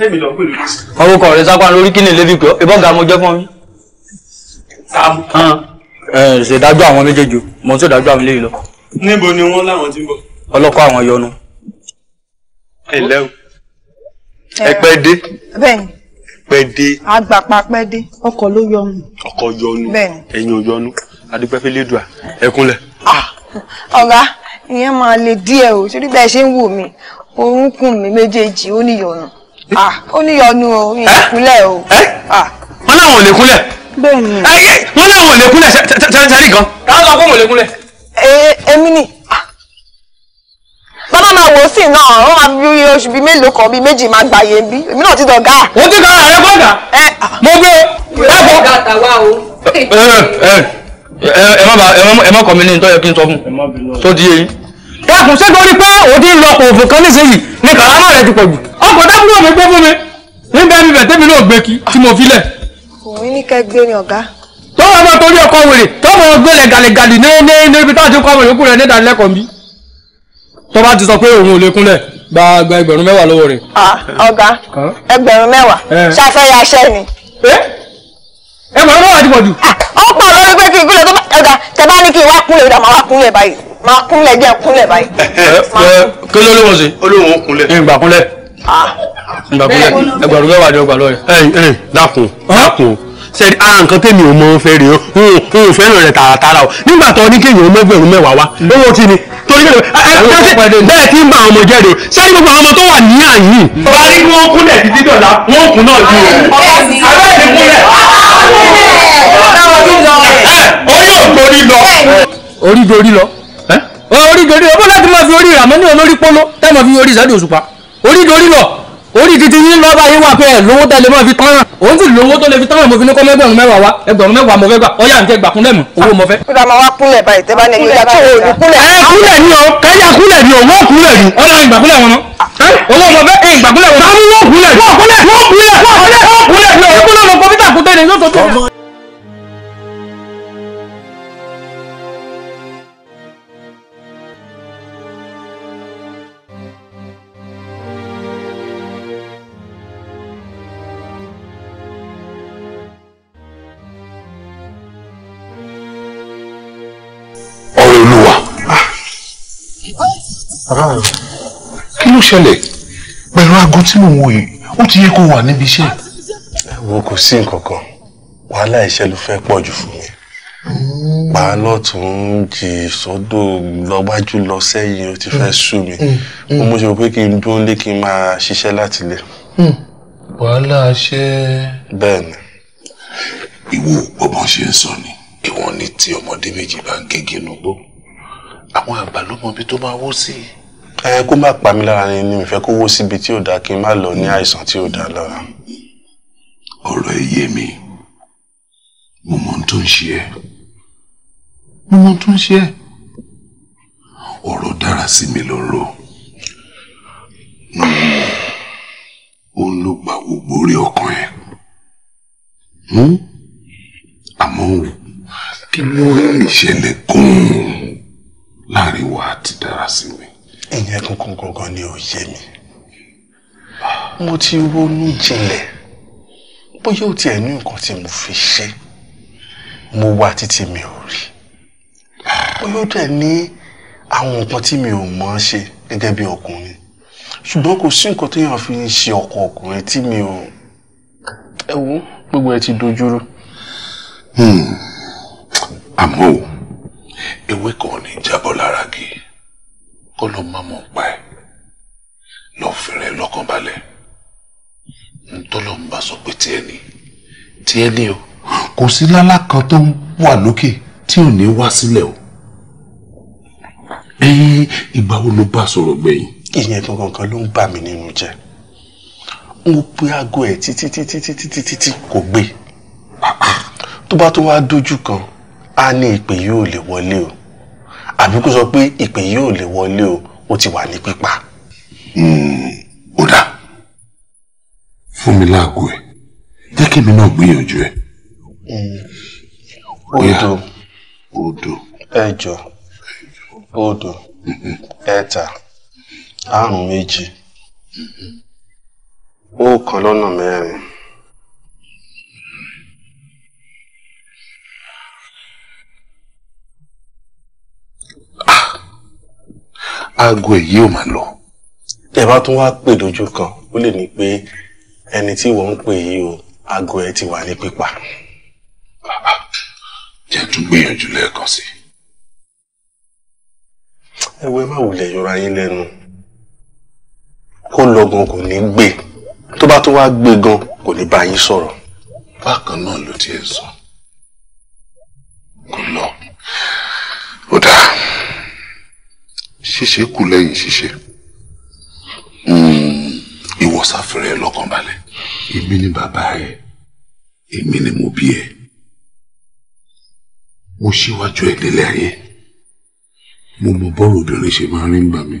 sẹ́mi lọ pẹ̀lú. orúkọ rẹ sápá lórí kí ni lébi pé ìbọn ga mo jẹ́ fún mi. sam. ṣèdájọ́ àwọn méjèèjì mo ń ṣèdájọ́ àwọn eléyìí lọ. níbo ni wọ́n láwọn ti ń bọ̀. ọlọ́kọ̀ àwọn yọnu. ẹ lẹ́wọ̀ ẹ pẹ́ dé. bẹ́ẹ̀ni pẹ́ dé. agbapa pẹ́ dé ọkọ̀ ló yọnu. ọkọ̀ yọnu ẹ̀yin ò yọnu adúpẹ́ fẹ́lẹ́ dùà ẹkúnlẹ̀. Ah! ọ̀gá ìyẹn máa le díẹ̀ o torí bẹ́ẹ̀ ṣe ń wò mí orúnkún mi méjèèjì ó níyọnu ah ó ní yọnu o mi ìkúnlẹ̀ eh? o. Eh? Ah. wọn láwọn ò lè kúnlẹ̀. bẹ́ẹ̀ni. Eh, wọn láwọn ò lè kúnlẹ̀ sẹ́ni gan. táwọn sọ fún òun lè kúnlẹ̀. èmi ni bàbá máa wò ó sì náà ó máa bí oṣù bíi mélòó kan bíi méjì máa gbàyè bí èmi náà ti dọ̀gá. o ti ka ààrẹ bọ́ọ̀dà. mo gbé lábọ̀. ẹ má kọ mi ní nítorí kí n sọ fún tó di eyín dákun ṣé torí pé òdi ń lọ òfò kan nísìnyí ni kàrámà rẹ ti pọ̀ jù ọkọ̀ dákúrò mi gbé fún mi níbẹ̀ níbẹ̀ tẹ́mi náà gbé kí tí mo fi lẹ̀. òun ní kẹ́ gbé ni ọ̀gá. tó wọn bá torí ọkọ wèrè tó wọn gbélé gàlégàlè ní ní níbi tá a ti kọ́ ọmọ yòókù rẹ ní ìdánilẹ́kọ̀ọ́ bí. tó bá ti sọ pé òun ò lè kúnlẹ̀ gba gba ẹgbẹ̀rún mẹ́wàá lọ́wọ́ rẹ̀. ọ̀gá ẹgbẹ̀rún mẹ́wàá ṣàfẹ́ ya aṣẹ́ ni. ẹgbẹ̀rún mẹ́wàá ti pọ̀ jù. ó pọ̀ lórí pé kí n kúnlẹ̀ tó bá ẹ̀gà tẹ bá ní kí n wá kúnlẹ̀ ìdààmú wá kúnlẹ̀ báyìí máa kúnlẹ̀ jẹ́ kúnlẹ̀ báyìí. kí ló ló wọ́n olóhùn kúnlẹ̀. ìgbà kúnlẹ̀ ìgbà ah. kúnlẹ̀ ẹgbàá rúgbẹ́ wàdí ọgbà lọ́yẹ̀. ẹyìn ẹyìn dákun sẹ́ni ara ah, nǹkan tèmi ò mọ fẹ́ rèé o n ò fẹ́ràn rẹ̀ tààràtàrà o nígbà tó ní kéèyàn ó mẹ́gbẹ̀rún mẹ́wàá wá owó kí ni torí kéèyàn bẹ́ẹ̀ tí ń bá ọmọ jẹ́ rèé o sẹ́ni gbogbo àwọn ọmọ tó wà ní àyìn. bá ní wọn kúnlẹ̀ títí dọ̀la wọn kún náà ju o abẹ́rẹ́ ti kúnlẹ̀. Eh, orí ògbórí lọ. orí dorí lọ orídorí owó láti máa fi orí ìràmọ́ ní olórí polo táwọn fi orí ìsẹ́dì òṣùpá orídorí lọ orí títí yín lọ báyìí wà pé ẹ lówó tẹ lè máa fi tán ràn òun sì lówó tó lè fi tán ràn mo fi ní kọ́ mẹ́gbẹ̀rún mẹ́wàá wá ẹgbẹ̀rún mẹ́wàá mo fẹ́ gbà ọ̀yà àǹtẹ̀ gbà kúnlẹ̀ mọ́ owó mo fẹ́. kúlẹ̀ máa wá kúnlẹ̀ báyìí tẹ́ bá ní ìyá tó o ní kúnlẹ̀. ẹ kúnlẹ̀ ni o kẹ́yà kúnlẹ̀ ni o wọ́n kúnlẹ̀ ni. ọ̀la ìgbàkúnlẹ̀ wọn náà owó mo fẹ́ ìgbàkúnlẹ̀ wọn náà. bàbá mi. kí ló ṣẹlẹ̀ pẹ̀lú aago tí mò ń wò yìí ó ti yẹ kó wà níbi iṣẹ́. ẹ wo kò sí nǹkan kan wàhálà iṣẹ́ ló fẹ́ pọ̀ jù fún mi pàálọ̀ tó ń jì sọ́dọ̀ lọ́wájú lọ sẹ́yìn ó ti fẹ́ mm. sú mi mm. mo mm. mọ̀ ṣe pé kí n dún lé kí n máa ṣiṣẹ́ láti lé. wàhálà ṣe. bẹ́ẹ̀ni. ìwọ gbọ́mọ ṣe ń sọ ni ìwọ̀n ni tí ọmọdé méjì bá ń gégé nugbó àwọn àgbà ló mọ ibi tó máa wó sí i ẹ kó má pa mí lára ni mi fẹ́ kó wó síbi tí ò dáa kí n má lọ ní àìsàn tí ò dáa lára. ọ̀rọ̀ ẹ yé mi mo mọ ohun tó ń ṣe ẹ́ mo mọ ohun tó ń ṣe ẹ́ ọ̀rọ̀ dára sí mi ló ń rò òun ló gba gbogbo orí ọkàn ẹ̀ hmm? àmọ́ kí ló ń ṣẹlẹ̀ gan láàrin wa àti dára sí mi ìyẹn kankan gangan ni ò yé mi mo ti ronú jinlẹ̀ bóyá ó tiẹ̀ ní nǹkan tí mo fi ṣe mo wá títí mi ò rí bóyá ó dẹ̀ ní àwọn nǹkan tí mi ò mọ̀ ṣe gẹ́gẹ́ bí ọkùnrin ṣùgbọ́n kò sí nǹkan téèyàn fi ń ṣe ọkọ ọkùnrin tí mi ò ẹ gbogbo ẹ ti dojúrú. Hmm. àmọ́ o ewé kan ò ní jábọ́ lára gé kó ló má mọ̀ pa ẹ̀ lọ́ọ́ fẹ̀rẹ̀ lọ́kàn balẹ̀ ntọ́lọ́mùbá sọ pé tiẹ̀ ni tiẹ̀ ni o kò sí lálá kan tó ń wà lókè tí ò ní wá sílẹ̀ o ẹ̀yin ìgbà wo ló bá sọ̀rọ̀ gbẹ̀yìn. ìyẹn gangan kan ló ń bà mí nínú jẹ́ mo pe aago ẹ̀ títí títí títí títí kò gbé ah, ah. tó bá tó wá dójú kan a ní ìpè yóò lè wọlé o àbí kó sọ pé ìpè yìí ò lè wọlé o ó ti wà ní pípa. Hmm, ó dà fún mi láago ẹ jẹ́ kí mi náà gbìyànjú ẹ. odò odò ẹ̀jọ odò ẹ̀ta àrún méjì ọ̀kan lọ́nà mẹ́rin. aago èyí ò máa lọ. tẹ bá tún wáá pè dojú kan ó lè ní pé ẹni tí wọ́n ń pè yìí o aago ẹ ti wà ní pípa. bàbá jẹ́ tún gbìyànjú lẹ́ẹ̀kan sí i. ẹ wo ẹ má wulẹ̀ yọra yín lẹ́nu kó lọ́gàn kò ní gbé tó bá tún wáá gbé gan kò ní bá yín sọ̀rọ̀. bákan náà ló ti ẹ̀ sọ kò lọ ó dáa ṣíṣe kù lẹ́yìn ṣíṣe hmm, ìwọ sáfẹ́rẹ́ lọ́kàn balẹ̀ èmi ni bàbá ẹ èmi ni mo bí ẹ mo ṣíwájú ẹ délé ayé mo mọ bọ́rọ̀ obìnrin ṣe máa rí ń bà mí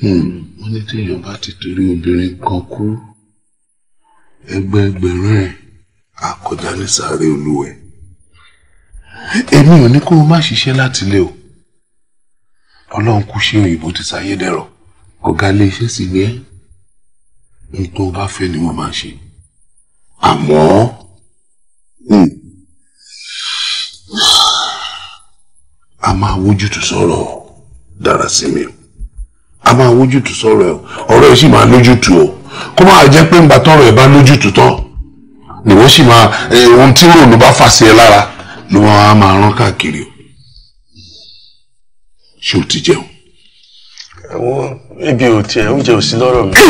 hmm, wọ́n ní téèyàn bá ti torí obìnrin kan kú ẹgbẹ́ẹgbẹ̀rún ẹ̀ àkọjá ní sáré olúwẹ̀ èmi ò ní kó o má ṣiṣẹ́ láti ilé o ọlọ́run kú ṣé òyìnbó ti ṣàyédẹ̀rọ̀ ọ̀gá ilé iṣẹ́ sì ni ẹ́ ohun tó bá fẹ́ ni wọ́n máa ṣe àmọ́ hmm, a máa wójútùú sọ̀rọ̀ dára sí mi a máa wójútùú sọ̀rọ̀ ẹ̀ ọ̀rọ̀ ẹ̀ sì máa lójútùú o kó máa jẹ́ pé ńgbà tọ́rọ̀ ẹ̀ bá lójútùú tán ni wọ́n sì máa eh, ohun tí ròònù bá fà sí ẹ lára ló máa máa rán káàkiri o ṣé o ti jẹun. àwọn ibi ò tiẹ̀ oúnjẹ ò sí lọ́rọ̀ mi.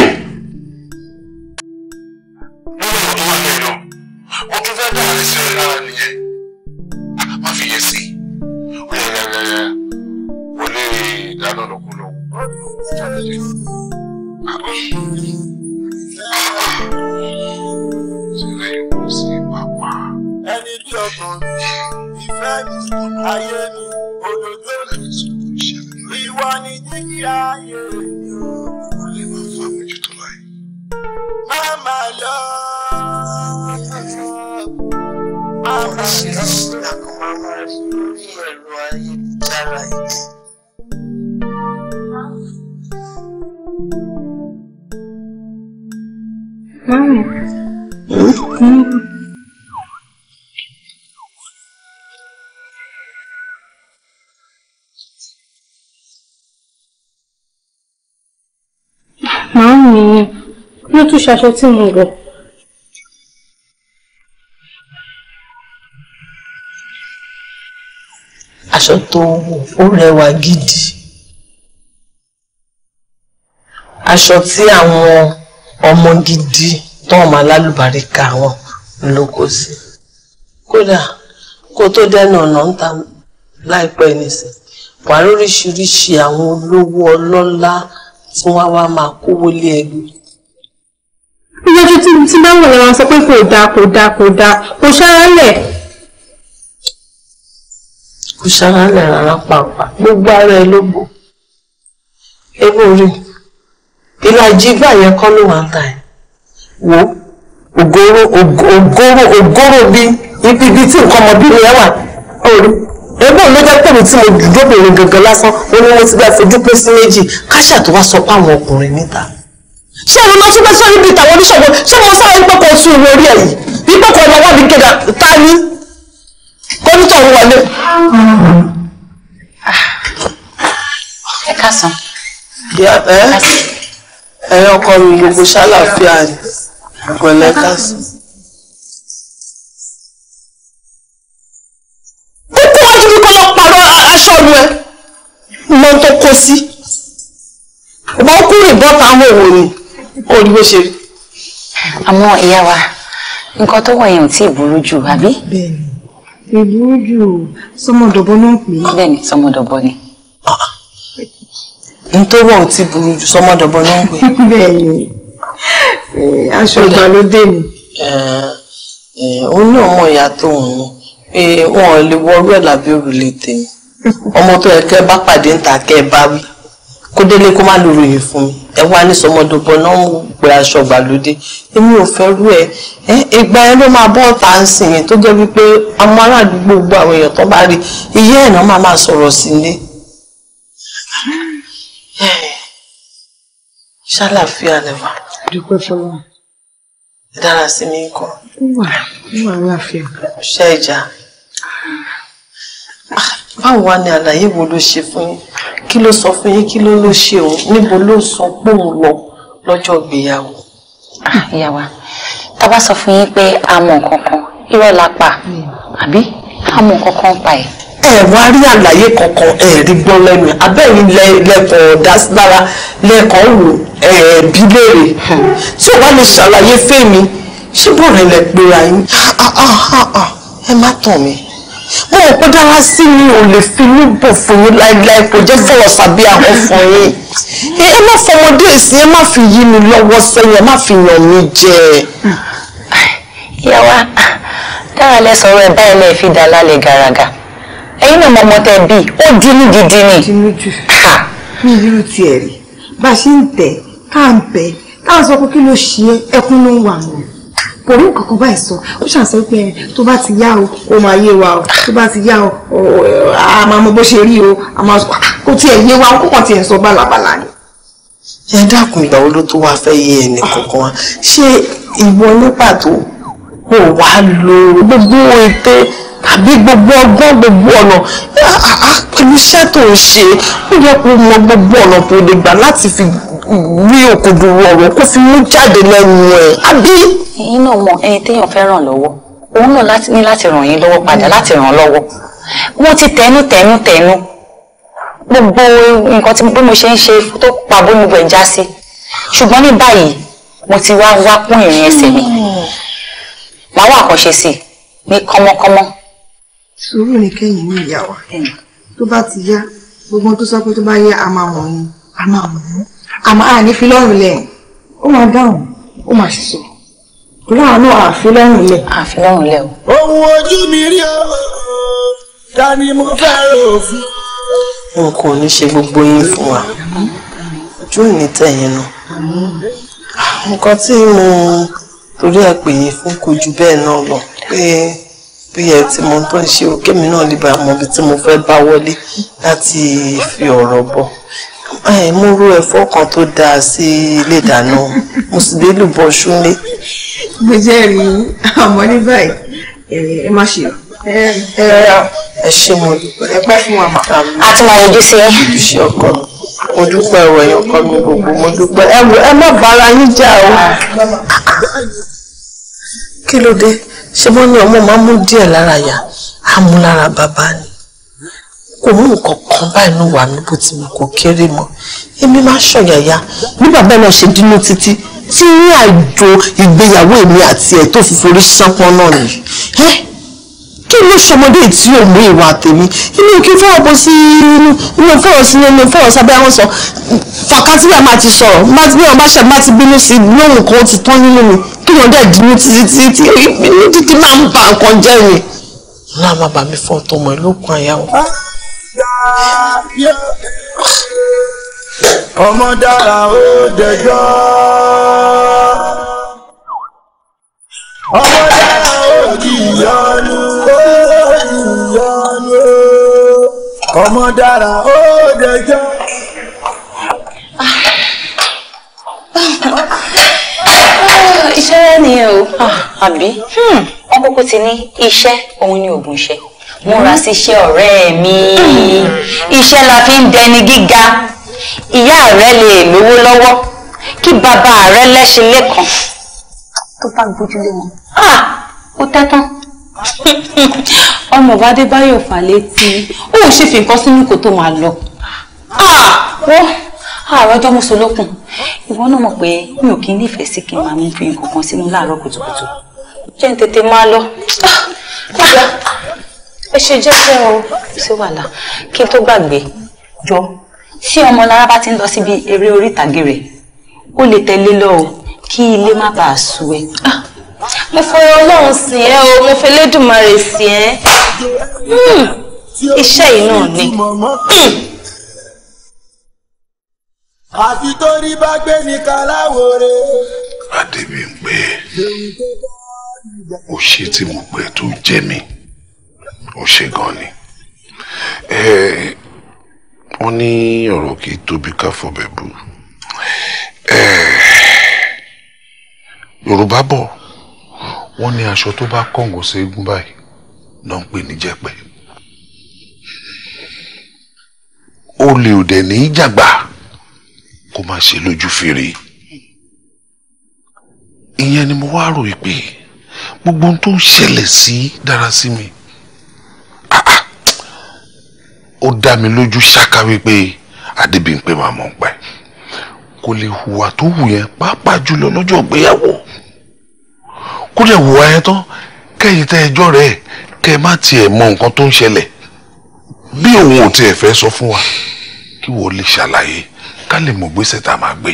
tún ṣaṣọ tí mo wọ̀. aṣọ tó wọ̀ ó rẹwà gidi aṣọ tí àwọn ọmọ gidi tán ọmọ alálùbáríkà wọn ló kó sí kódà kó tó dẹ́nà ọ̀nà ń ta láìpẹ́ nísìn wà lóríṣiríṣi àwọn olówó ọlọ́lá tí wọ́n wá máa kówó lé ẹgbẹ́ tí tí bá wọ̀ lẹ́wọ̀n sọ pé kò dáa kò dáa kò dáa kò ṣáralẹ̀. kò ṣáralẹ̀ rárá pàápàá gbogbo ara ẹ ló bò ewu rí ìlàjì ìgbà yẹn kọ́ ló wà ń ta ẹ̀ wò ògóró ògóró ògóró bí ibi ibi tí nǹkan ọmọ bíi rẹ wà orí ẹgbẹ́ mi ló jẹ́ pé mi tí mo dúdú obìnrin gangan lásán ó ní mo ti bá fojú pé sí méjì káṣà tó sọ pé àwọn ọkùnrin níta ṣé òun lọ tún gbé sórí bíi tàwọn oníṣòwò ṣé mo sọ̀rọ̀ wípé kò tún ìwé orí ẹ̀ yìí wípé kò lọ wá mi kéde ta ni kó ní tọ̀hún wọlé. ẹ káàsán. ẹ ẹ ọkọ mi gbogbo ṣàlàáfíà ni ọpẹlẹ káàsán. kókó wájú mi kọ́ lọ pàrọ̀ aṣọ ọ̀nù ẹ̀ mọ́ tó kó sí. ọba ó kúrò ìbọn táwọn òwò ni ó rí bó ṣe rí. àmọ́ ìyá wa nǹkan tó wọ̀ yẹn ò tí ì burú jù àbí. bẹ́ẹ̀ni ìburú jù sọmọdọ̀bọ náà pè é. bẹ́ẹ̀ni sọmọdọ̀bọ ni. n tó wọ̀ ò tí ì burú jù sọmọdọ̀bọ náà pè é. bẹ́ẹ̀ni aṣọ ìgbàlódé ni. òun náà mọ ìyá tó ń mú pé wọn ò lè wọ ọrú ẹ̀ lábẹ́ òrùlé tèmi ọmọ tó yẹ kẹ́ bá pàdé ń ta kẹ́ bá wí kó délé kó má lo ròyìn fún mi ẹ wá ní sọmọdọ̀bọ náà ń gbé aṣọ ìgbàlódé èmi ò fẹ́ rú ẹ ẹ ìgbà yẹn ló máa bọ́ ọ̀tá ń sìn yẹn tó jẹ́ wípé àwọn aráàlú gbogbo àwọn èèyàn tó bá rí iye ẹ̀ náà máa máa sọ̀rọ̀ sí ilé. ṣàlàfíà lẹ́wà. dúpẹ́ fọlọ́. dára sí mi nǹkan. wà wà láàfin. ṣe ìjà. báwo wá ni àlàyé wo ló ṣe fún yín kí ló sọ fún yín kí ló ló ṣe o níbo ló sọ póun lọ lọ́jọ́ ìgbéyàwó. Ah, ìyàwó tá a bá sọ fún yín pé a mọ nǹkan kan irọ́ la pa àbí a mọ nǹkan kan pa ẹ̀ ẹ wá rí àlàyé kankan ẹ rí gbọ́n lẹ́nu abẹ́yìn lẹ́kọ̀ọ́ dáṣára lẹ́kọ̀ọ́ wò ẹ̀ẹ́bí léèrè tí ò bá lè ṣàlàyé fẹ́mi ṣé bọ̀rẹ̀ lẹ pera yín ẹ má tàn mí mo mọ̀ pé dára sí mi ò lè fi inú bọ̀ fún yín láéláé kò jẹ́ fọ̀rọ̀ sàbí àwọn fún yín ẹ má fọmọdé sí ẹ má fi yí mi lọ́wọ́ sẹ́yìn ẹ má fi yàn mí jẹ. ìyá dára lẹ sọ̀rọ̀ báyìí lẹ fi dà lálẹ́ garaga ẹ̀yin náà mọ ọmọ bí ó dínú gidi ni. dínú jù ní irú tiẹ̀ rí bá a ṣe ń tẹ̀ ká ń bẹ̀ ká ń sọ pé kí ló ṣe ẹkún ló ń wà mọ́ kò rí nǹkan kan sọ ó ṣàṣọ pé ẹ tó bá ti yá o ó máa yé wa o tó bá ti yá o a máa mọ bó ṣe rí o a máa ah, kó tiẹ̀ yé wa kó kàn tiẹ̀ sọ bálabàlà ni. ẹ dákun ìgbà wo ló tó wáá fẹ́ yé ẹnì kankan ṣé ìwọ ní pàtó kò wá lo gbogbo ète àbí gbogbo ọgbọ́n gbogbo ọ̀nà ah, ah, pẹ̀lú iṣẹ́ tó ń ṣe ó yẹ kó mọ gbogbo ọ̀nà tó lè gbà láti fi rí òkòdòrò ọ̀rọ̀ kó fi mú jáde lẹ́nu ẹ̀ àbí. ẹ̀yin náà mọ ẹni téèyàn fẹ́ ràn lọ́wọ́ òun náà ní láti ràn yín lọ́wọ́ padà láti ràn lọ́wọ́ wọ́n ti tẹnu tẹnu tẹnu gbogbo nǹkan tí bí mo ṣe ń ṣe tó pa bó ni gbẹ̀ já sí ṣùgbọ́n ní báyìí mo ti wá wá kún ìrìn ẹsẹ̀ mi màá wà àkànṣe sí i ní kánmọ́kánmọ́ sùúrù ni kẹ́yìn ní ìyá wa tó bá ti yá gbogbo tó sọ pé tó bá yá a máa wọ̀n ni a máa wọ̀n ni àmọ́ a ní fi lọ́rùn lẹ́yìn ó máa dáhùn ó máa ṣe sọ torí àwọn náà àfi lọ́rùn o. ohun ojú mi rí o ta ni mo fẹ́ rò fún. wọn kò ní ṣe gbogbo yín fún wa ojú ò ní tẹ̀yìn nù nǹkan tí mo torí ẹ pè yín fún kò jù bẹ́ẹ̀ náà lọ pé bí ẹ ti mọ tó ń ṣe o náà lè bá mọ ibi tí mo fẹ́ bá wọlé láti fi ọ̀rọ̀ bọ̀ mo rú ẹ̀fọ́ kan tó dáa sí ilé ìdáná mo sì dé lùbọ̀ ṣúlé. mo jẹ́rìí àmọ́ ní báyìí ẹ má ṣe o ẹ ṣe mo dúpẹ́ fún wa mà. a tún máa yọjú sí yín. ojúṣe ọkọ mo dúpẹ́ ọ̀rọ̀ ẹ̀yìn ọkọ mi gbogbo mo dúpẹ́ ẹ má bára yín jà o. kí ló dé ṣé wọ́n ní ọmọ máa ń mú díẹ̀ lára yá á mú lára bàbá ni kò mú nǹkan kan báyìí ló wà mí bó ti mú kó kéré mọ́ èmi máa ń ṣọ̀yàyà bí bàbá náà ṣe dínú títí tí ní àjò ìgbéyàwó èmi àti ẹ̀ tó fi forí ṣánpọ́n náà nìyí kí ló ṣọmọdé tí ò mú ìwà tèmi inú kí fọwọ́ bó sí inú inú fọwọ́ sí inú fọwọ́ sábẹ́ àwọn sọ fàkátìrì àmà ti sọ̀rọ̀ má ti bí wọn bá ṣe má ti bínú sí lóhùn kan ti tán nínú mi kí wọn dẹ̀ dínú títí tí inú títí máa ń ba nǹkan jẹ́ mi. ńlá máa bà mí fọ́ tọmọ ẹ ló wọn. ọmọ dára ó dẹjọ́ ọmọ dára ó kì í yọnu. ọmọ dára ó dẹjọ́. iṣẹ́ nìyẹn o ah, àbí hmm. ọkọ̀kọ̀ ti ní iṣẹ́ òun ni oògùn iṣẹ́ múra síṣẹ́ ọ̀rẹ́ mi hmm. iṣẹ́ la fi ń dẹni gíga ìyá rẹ lè lówó lọ́wọ́ kí bàbá rẹ lẹ́ṣin lẹ́kan tó bá gbójúlé wọn. Ah, ó tẹ́ tán. ọmọ wa Adébáyọ̀ Fálétí ó ṣe fi nǹkan sínú kó tó máa lọ ah! wọ́n àárọ̀ ọjọ́ mú solókùn ìwọ náà mọ̀ pé mi ò kí ń nífẹ̀ẹ́ sí kí n máa mú fi nǹkan kan sínú láàárọ̀ kùtùkùtù jẹ́ ń tètè máa lọ ah! kódà ẹ ṣe jẹ́jẹ́ o sí wàhálà kí n tó gbàgbé jọ tí ọmọ lára bá ti ń lọ síbi eré orí ìtàgé rẹ̀ ó lè tẹ̀lé lọ o kí ilé má bàa sú ẹ. Ah! mo fẹ́ ọlọ́run sìn ẹ́ o mo fẹ́ lẹ́dùnmarè sìn ẹ́ hmm, iṣẹ́ yìí náà ni. Hmm. àti torí bá gbé ní kaláwo re. adébí ń pè é ó ṣe tí mo pè tó jẹ́ mi ó ṣe gan ni wọ́n ní ọ̀rọ̀ kì í tóbi ká fọbẹ̀ bù yorùbá bọ̀ wọ́n ní aṣọ tó bá kọ̀ǹgò sí eégún báyìí ló ń pè ní jẹ̀pẹ̀. olè òdẹ ní í jàgbá kó má ṣe lójú fèrè. ìyẹn ni mo wá rò pé gbogbo ohun tó ń ṣẹlẹ̀ sí dára sí mi ó dá mi lójú ṣáká wípé adébíyìn pé màá ń pẹ́ kò lè hùwà tó hù yẹn pàápàá jùlọ lọ́jọ́ ìgbéyàwó kó lè wọ ẹ tán kẹ́yìn tẹ́ ẹjọ́ rẹ̀ kẹ́ ẹ má tiẹ̀ mọ nǹkan tó ń ṣẹlẹ̀ bí òun ò tiẹ̀ fẹ́ sọ fún wa kí wọ́n lè ṣàlàyé ká lè mọ̀ gbèsè tá a máa gbé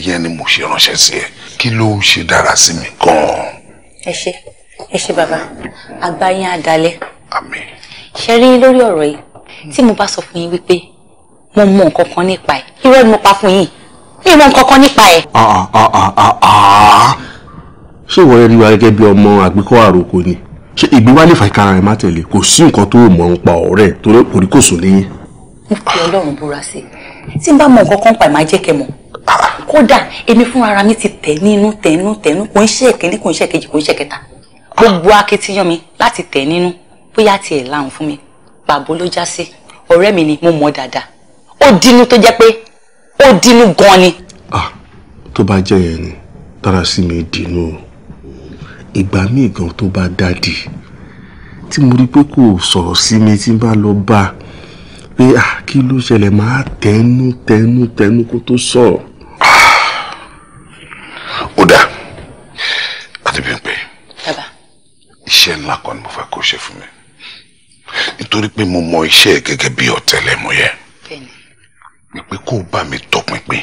ìyẹn ni mo ṣe ránṣẹ́ sí ẹ kí ló ń ṣe dára sí mi gan-an. ẹ ṣe ẹ ṣe bàbá àgbáyé adalẹ. àmín. ṣe rí lórí ọ̀rọ̀ yìí tí mo bá sọ fún yín wípé mo mọ nǹkan kan nípa ẹ̀ irọ́ ni mo pa fún yín mi mọ nǹkan kan nípa ẹ̀. Ah, ah, ah, ṣé ìwọ rẹ rí wa gẹ́gẹ́ bí ọmọ àgbékọ́ àròkọ ni ṣé ìgbéwá lè fà kára ẹ má tẹ̀lé kò sí nǹkan tó mọ̀ ń pa ọ̀rẹ́ torí kò rí kò sùn léyìn. mo fi ọlọ́run búra sí i tí n bá mọ nǹkan kan pa ìmá jẹ́ kẹ́ mọ̀ kódà èmi fúnra mi ti tẹ̀ nínú tẹ̀ nínú tẹ̀ nínú kò ń ṣe èkìní kò ń ṣe èkejì kò ń ṣe kẹta gbogbo akitiyan mi láti tẹ̀ nínú bóyá tiẹ̀ láhùn fún mi pàbó ló já sí ọ̀rẹ́ mi ni mo mọ̀ dáadáa ó dínú tó jẹ́ pé ó dínú gan ni. ah tó bá jẹ́ yẹn ni dára sí mi dínú o ìgbà míì gan tó bá dádì tí mo rí pé kò sọ̀rọ̀ sí mi tí n bá lọ bá a pé à kí ló ṣẹlẹ̀ máa tẹnu tẹnu tẹnu kó tó sọ̀rọ̀. ó dáa àti bí n pé iṣẹ́ ńlá kan ni mo fẹ́ kó ṣe fún mi nítorí pé mo mọ iṣẹ́ ẹ̀ gẹ́gẹ́ bí ọ̀tẹlẹ̀múyẹ́ pé kó bá mi tọpinpin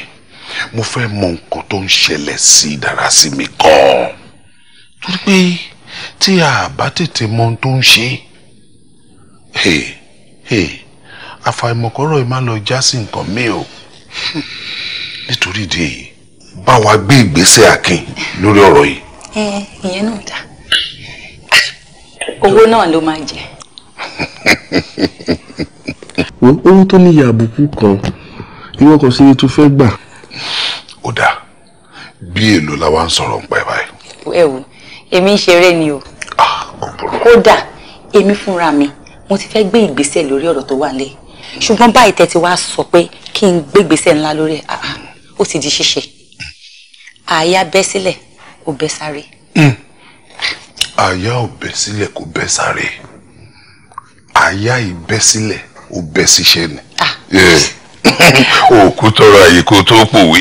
mo fẹ́ mọ nǹkan tó ń ṣẹlẹ̀ sí Dárasími gan-an torí pé tí a bá tètè mọ ohun tó ń ṣe àfàìmọ̀kọ́rọ̀ yìí má lọ já sí nǹkan míì o nítorí ìdí èyí bá wa gbé ìgbésẹ̀ akin lórí ọ̀rọ̀ yìí. ẹ ìyẹn náà dá owó náà ló máa jẹ. owó tó ní ìyá àbùkù kan ìwọ kan sí ni tó fẹ́ gbà. ó dáa bí èlò la wá ń sọ̀rọ̀ ń pa báyìí. ẹ wò èmi ń ṣeré ni o ah, kódà èmi fúnra mi mo ti fẹ́ gbé ìgbésẹ̀ lórí ọ̀rọ̀ tó wà lé ṣùgbọ́n báyìí tẹ́ ti wá sọ pé kí n gbé ìgbésẹ̀ ńlá lórí ẹ̀ ah, ah, ó ti di ṣíṣe àyà bẹ́ sílẹ̀ ó bẹ́ sáré. Hmm. àyà ò bẹ́ sílẹ̀ kò bẹ́ sáré àyà ìbẹ́ sílẹ̀ ó bẹ́ síṣẹ́ ni eh. òkú tọrọ àyè kó tó pòwé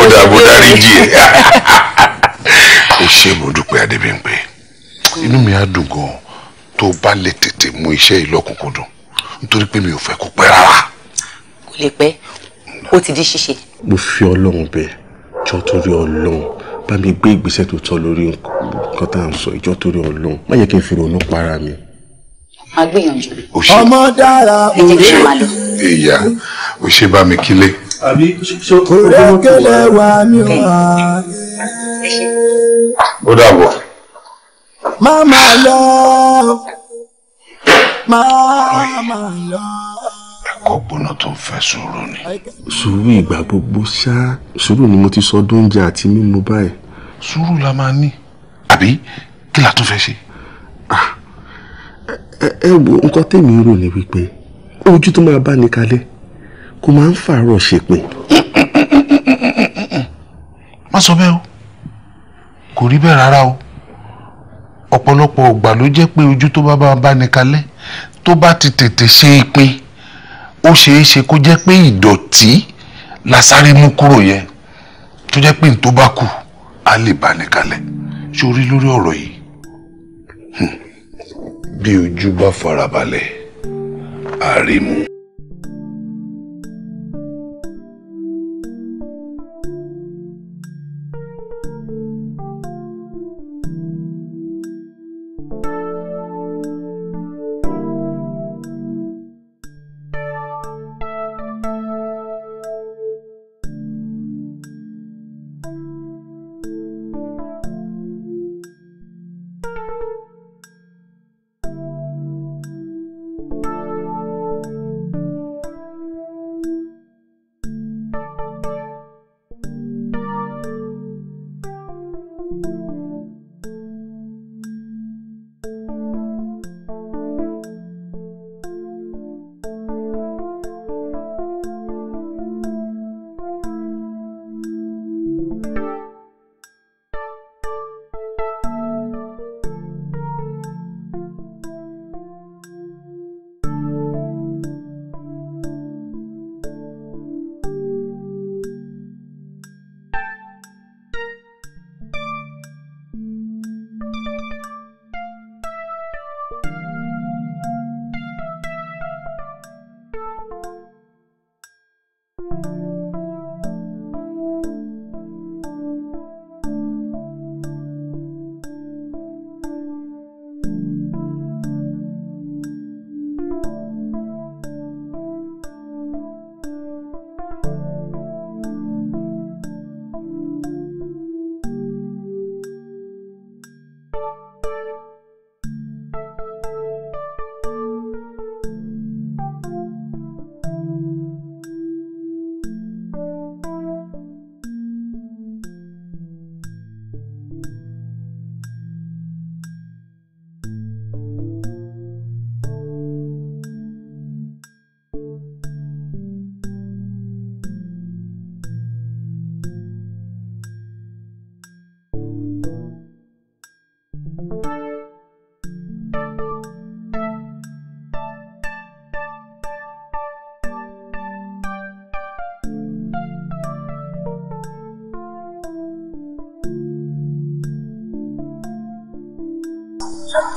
ó dàbò dáríjì ẹ o ṣé mo dúpẹ́ adébíyànpé inú mi á dùn gan tó bá lè tètè mú iṣẹ́ yìí lọ́kùnkúndùn nítorí pé mi ò fẹ́ kó pẹ́ rárá. kò lè pẹ́ ó ti di ṣíṣe. mo fi ọlọ́run bẹ̀ jọ torí ọlọ́run bá mi gbé ìgbésẹ̀ tó tọ́ lórí nǹkan tá à ń sọ ìjọ torí ọlọ́run má yẹ kí n fi ronú para mi. a gbìyànjú. ọmọ dára òde ìyá ò ṣe bá mi àbí ṣe kò rẹ́kẹ̀lẹ̀ wà mí wá ṣe. ó dàbọ̀. mama love mama love. ẹ̀kọ́ gbóná tó ń fẹ́ sùúrù ni. sùúrù ìgbà gbogbo ṣá sùúrù ni mo ti sọ dóúnjẹ àti mímu báyìí. sùúrù la máa ní àbí kí la tún fẹ́ ṣe. ẹ wo nǹkan tèmi rò ní wípé ojú tó máa bá ní kalẹ̀ kò máa ń fàárọ̀ ṣèpin. má sọ bẹ́ẹ̀ o kò rí bẹ́ẹ̀ rárá o ọ̀pọ̀lọpọ̀ ògbà ló jẹ́ pé ojú tó bá bá ní kalẹ̀ tó bá ti tètè ṣe ìpín ó ṣeé ṣe kó jẹ́ pé ìdọ̀tí la sáré mú kúrò yẹn tó jẹ́ pé tó bá kù á lè bá ní kalẹ̀ sórí lórí ọ̀rọ̀ yìí hmm. bí ojú bá farabalẹ̀ àrímú.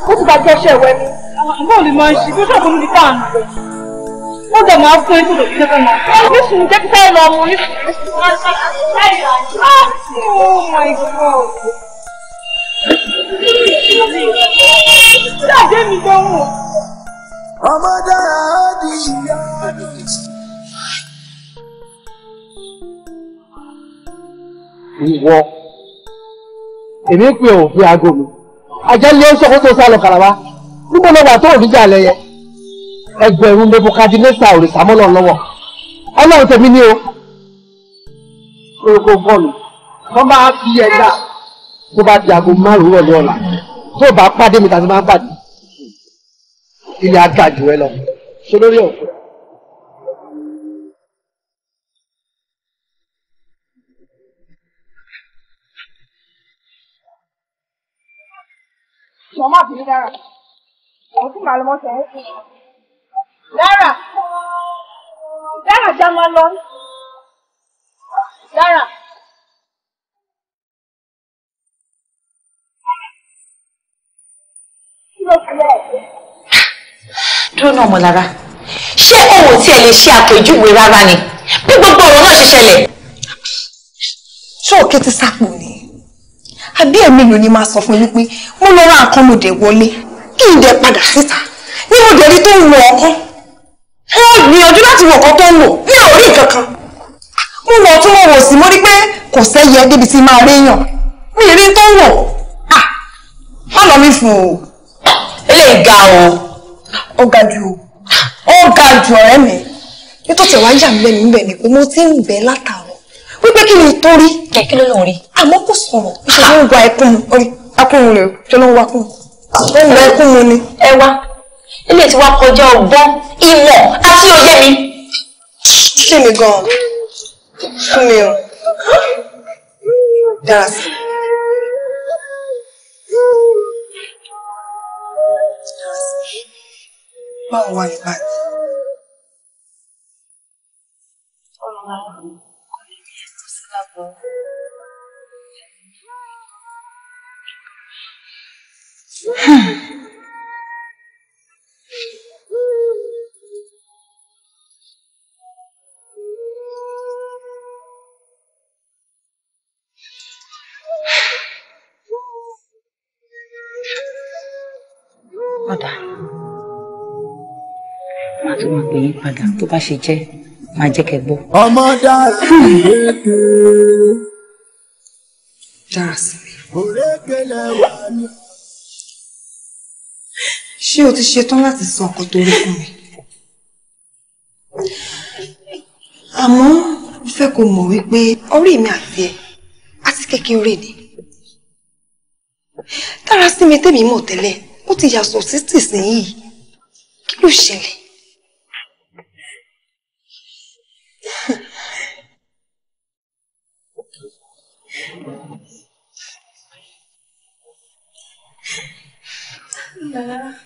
ó ti bàjẹ́ iṣẹ́ ìwẹ́ mi. bó lè máa ń ṣe bíṣọ̀ bó ní káà ń lọ. ó dẹ̀ máa fún ètò ìdílé fẹ́ máa. nísìnyí jẹ́ kí lọ mú nísìnyí. oh my god. ṣáàjẹ́ ìwọ èmi pé òfin aago mi àjálẹ̀ ń sọ̀kò tó sá lọ kàràbà níbo lọ́wọ́ àtọ́ òdíjà lẹ́yẹ ẹgbẹ̀rún mẹ́bù kádínẹ́sà òrìṣà mọ́lọ̀ lọ́wọ́ ọlọ́run tẹ̀mí ni o. orúkọ bọ́ọ̀lù tó bá fi ẹ̀dá tó bá di aago márùn-ún rọ̀lẹ́ ọ̀la tó bá pàdé mi tàbí máa ń pàdé ilé agàjù ẹ lọ sólórí ọ̀pọ̀ màmá àbí dára òun sì máa lọ mọ́tò ẹ̀ dára dára já máa lọ dára. dúró náà mọ̀ ṣé òun ò tiẹ̀ lè ṣe àpèjúwe rárá ni bí gbogbo ọ̀rọ̀ náà ṣe ṣẹlẹ̀. ṣé òkè ti sápò ni àbí ẹ̀mí ló ní máa sọ fún mi pé mo lọ ra nǹkan mo dẹ̀ wọlé kí n dẹ̀ padà síta ní mo dẹ̀ rí tó ń wọ ọkọ mo gbìyànjú láti wọ ọkọ tó ń wọ mi ò rí nǹkan kan mo wọ tún mo wò sí mo rí pé kò sẹ́yẹ débi tí máa réyàn mi rí tó wọ má lọ mí fún o eléyìí ga o ó ga jù ó ga jù ọ̀rẹ́ mi nítorí wàá yà mí lẹ́nu ni pé mo ti ń bẹ látàrọ wípé kí ni ìtorí kẹ̀kẹ́ ló lọ rí àmọ́ kò sọ̀rọ̀. ìṣòro ń gba ẹkún ẹkún rẹ jọ ló ń wá kún ó ń gba ẹkún mu ni. ẹ wá ilé tí wàá kọjá ọgbọ́n ìmọ̀ àti òye mi. kí ni gan-an fún mi o dára sí i. báwo wà ní báyìí. Ọ̀dà, má tún máa pè yín padà tó bá ṣe jẹ́, máa jẹ́ kẹ́ gbọ́. Ọmọ dáàsì lékè. Dáàsì. Òrékelẹ̀ wà ní. Ṣé o ti ṣetán láti sọ ọkàn tó rí fún mi? Àmọ́ mo fẹ́ kó mọ̀ wípé orí mi àti ẹ̀ á ti kékeré ni. Dára sí mi tèmi mọ̀ tẹ́lẹ̀, ó ti yàtọ̀ sí tìsínyìí. Kí ló ṣẹlẹ̀? Lára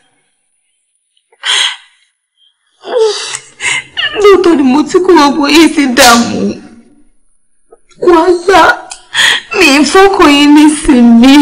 lóòótọ́ ni mo ti kúrò bóyá ti dààmú wàá gbà mí fọ́kàn yín nísìnyí.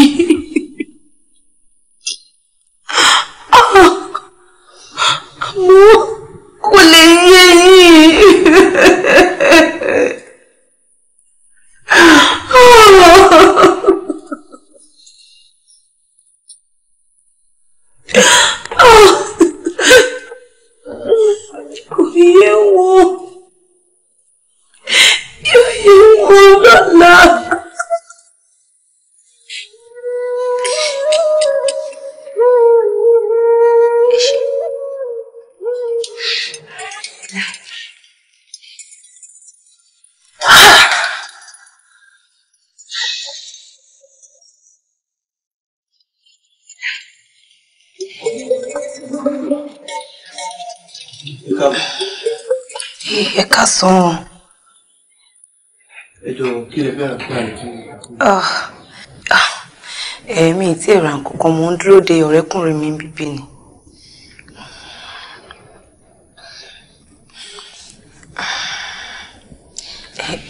kàn mò ń dúró de ọ̀rẹ́kùnrin mi bíbí ni.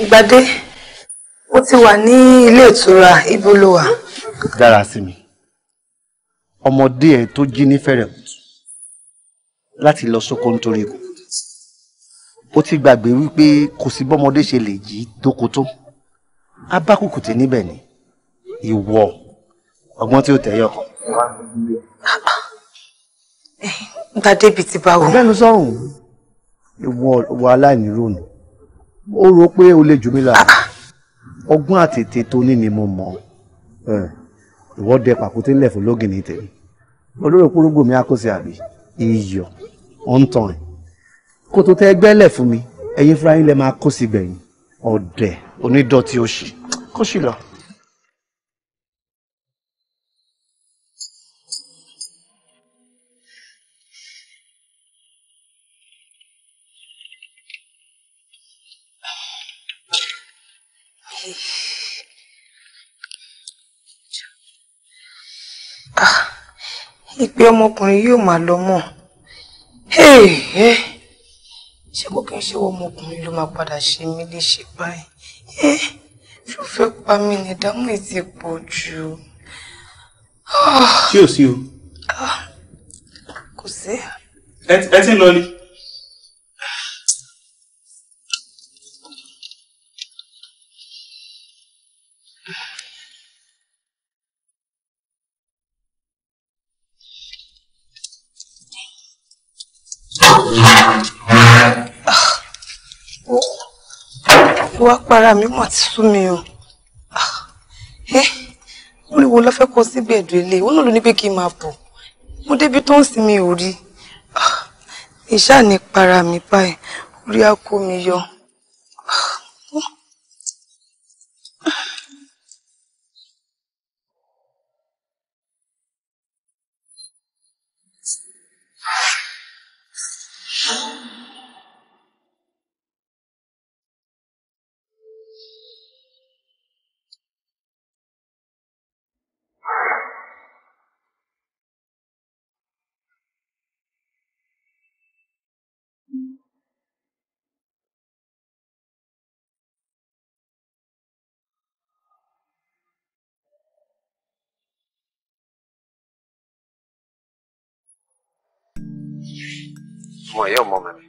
Gbadé, ó ti wà ní ilé ìtura ibo ló wà. Dára sí mi, ọmọdé ẹ̀ tó jí ní fẹ̀rẹ̀ kùtù láti lọ sóko nítorí ikú. Ó ti gbàgbé wípé kò sí bọ́mọdé ṣe lè jí dóko tó. níbẹ̀ ni, ìwọ ọgbọ́n tí ó tẹ̀ yọkọ̀. Gba débi ti bá wò. Bẹ́ẹ̀ni sọ́run, ìwọ aláìní rònú, ó rò pé o lè jù mí lára. Ọgbọ́n àtètè tó ní ni mo mọ̀. Ìwọ dẹ pàkúté ńlẹ̀ fún lógin ní tèmi. Olóró púrúgbò mi àkóso àbí iyọ̀ ọ̀ǹtàn ẹ̀. Kò tó tẹ ẹgbẹ́lẹ̀ fún mi, ẹ̀yin fúnra yín lẹ máa kó sí gbẹ̀yìn. Ọ̀dẹ̀ onídọ̀tí òṣì. Kó sì lọ. ìpè ọmọkùnrin yóò máa lọ mọ́ eh. ṣé kò kí n ṣe ọmọkùnrin ló máa padà ṣe mí léṣe báyìí fífẹ́ eh, pa mí ní ìdámú ìtì pọ̀ jù. tí ah. ò sí o. Ah. kò sí. ẹ ti ń lọ ni. ìwà para mi mà ti sú mi o ẹ wọn ni wo lọ fẹ́ kó síbi ẹdùn ilé wọn náà ló ní pé kí n máa bọ̀ mo débi tó ń sinmi ò rí ìṣáà ní para mi báyìí orí á kó mi yọ. wọn ìyá ọmọ mi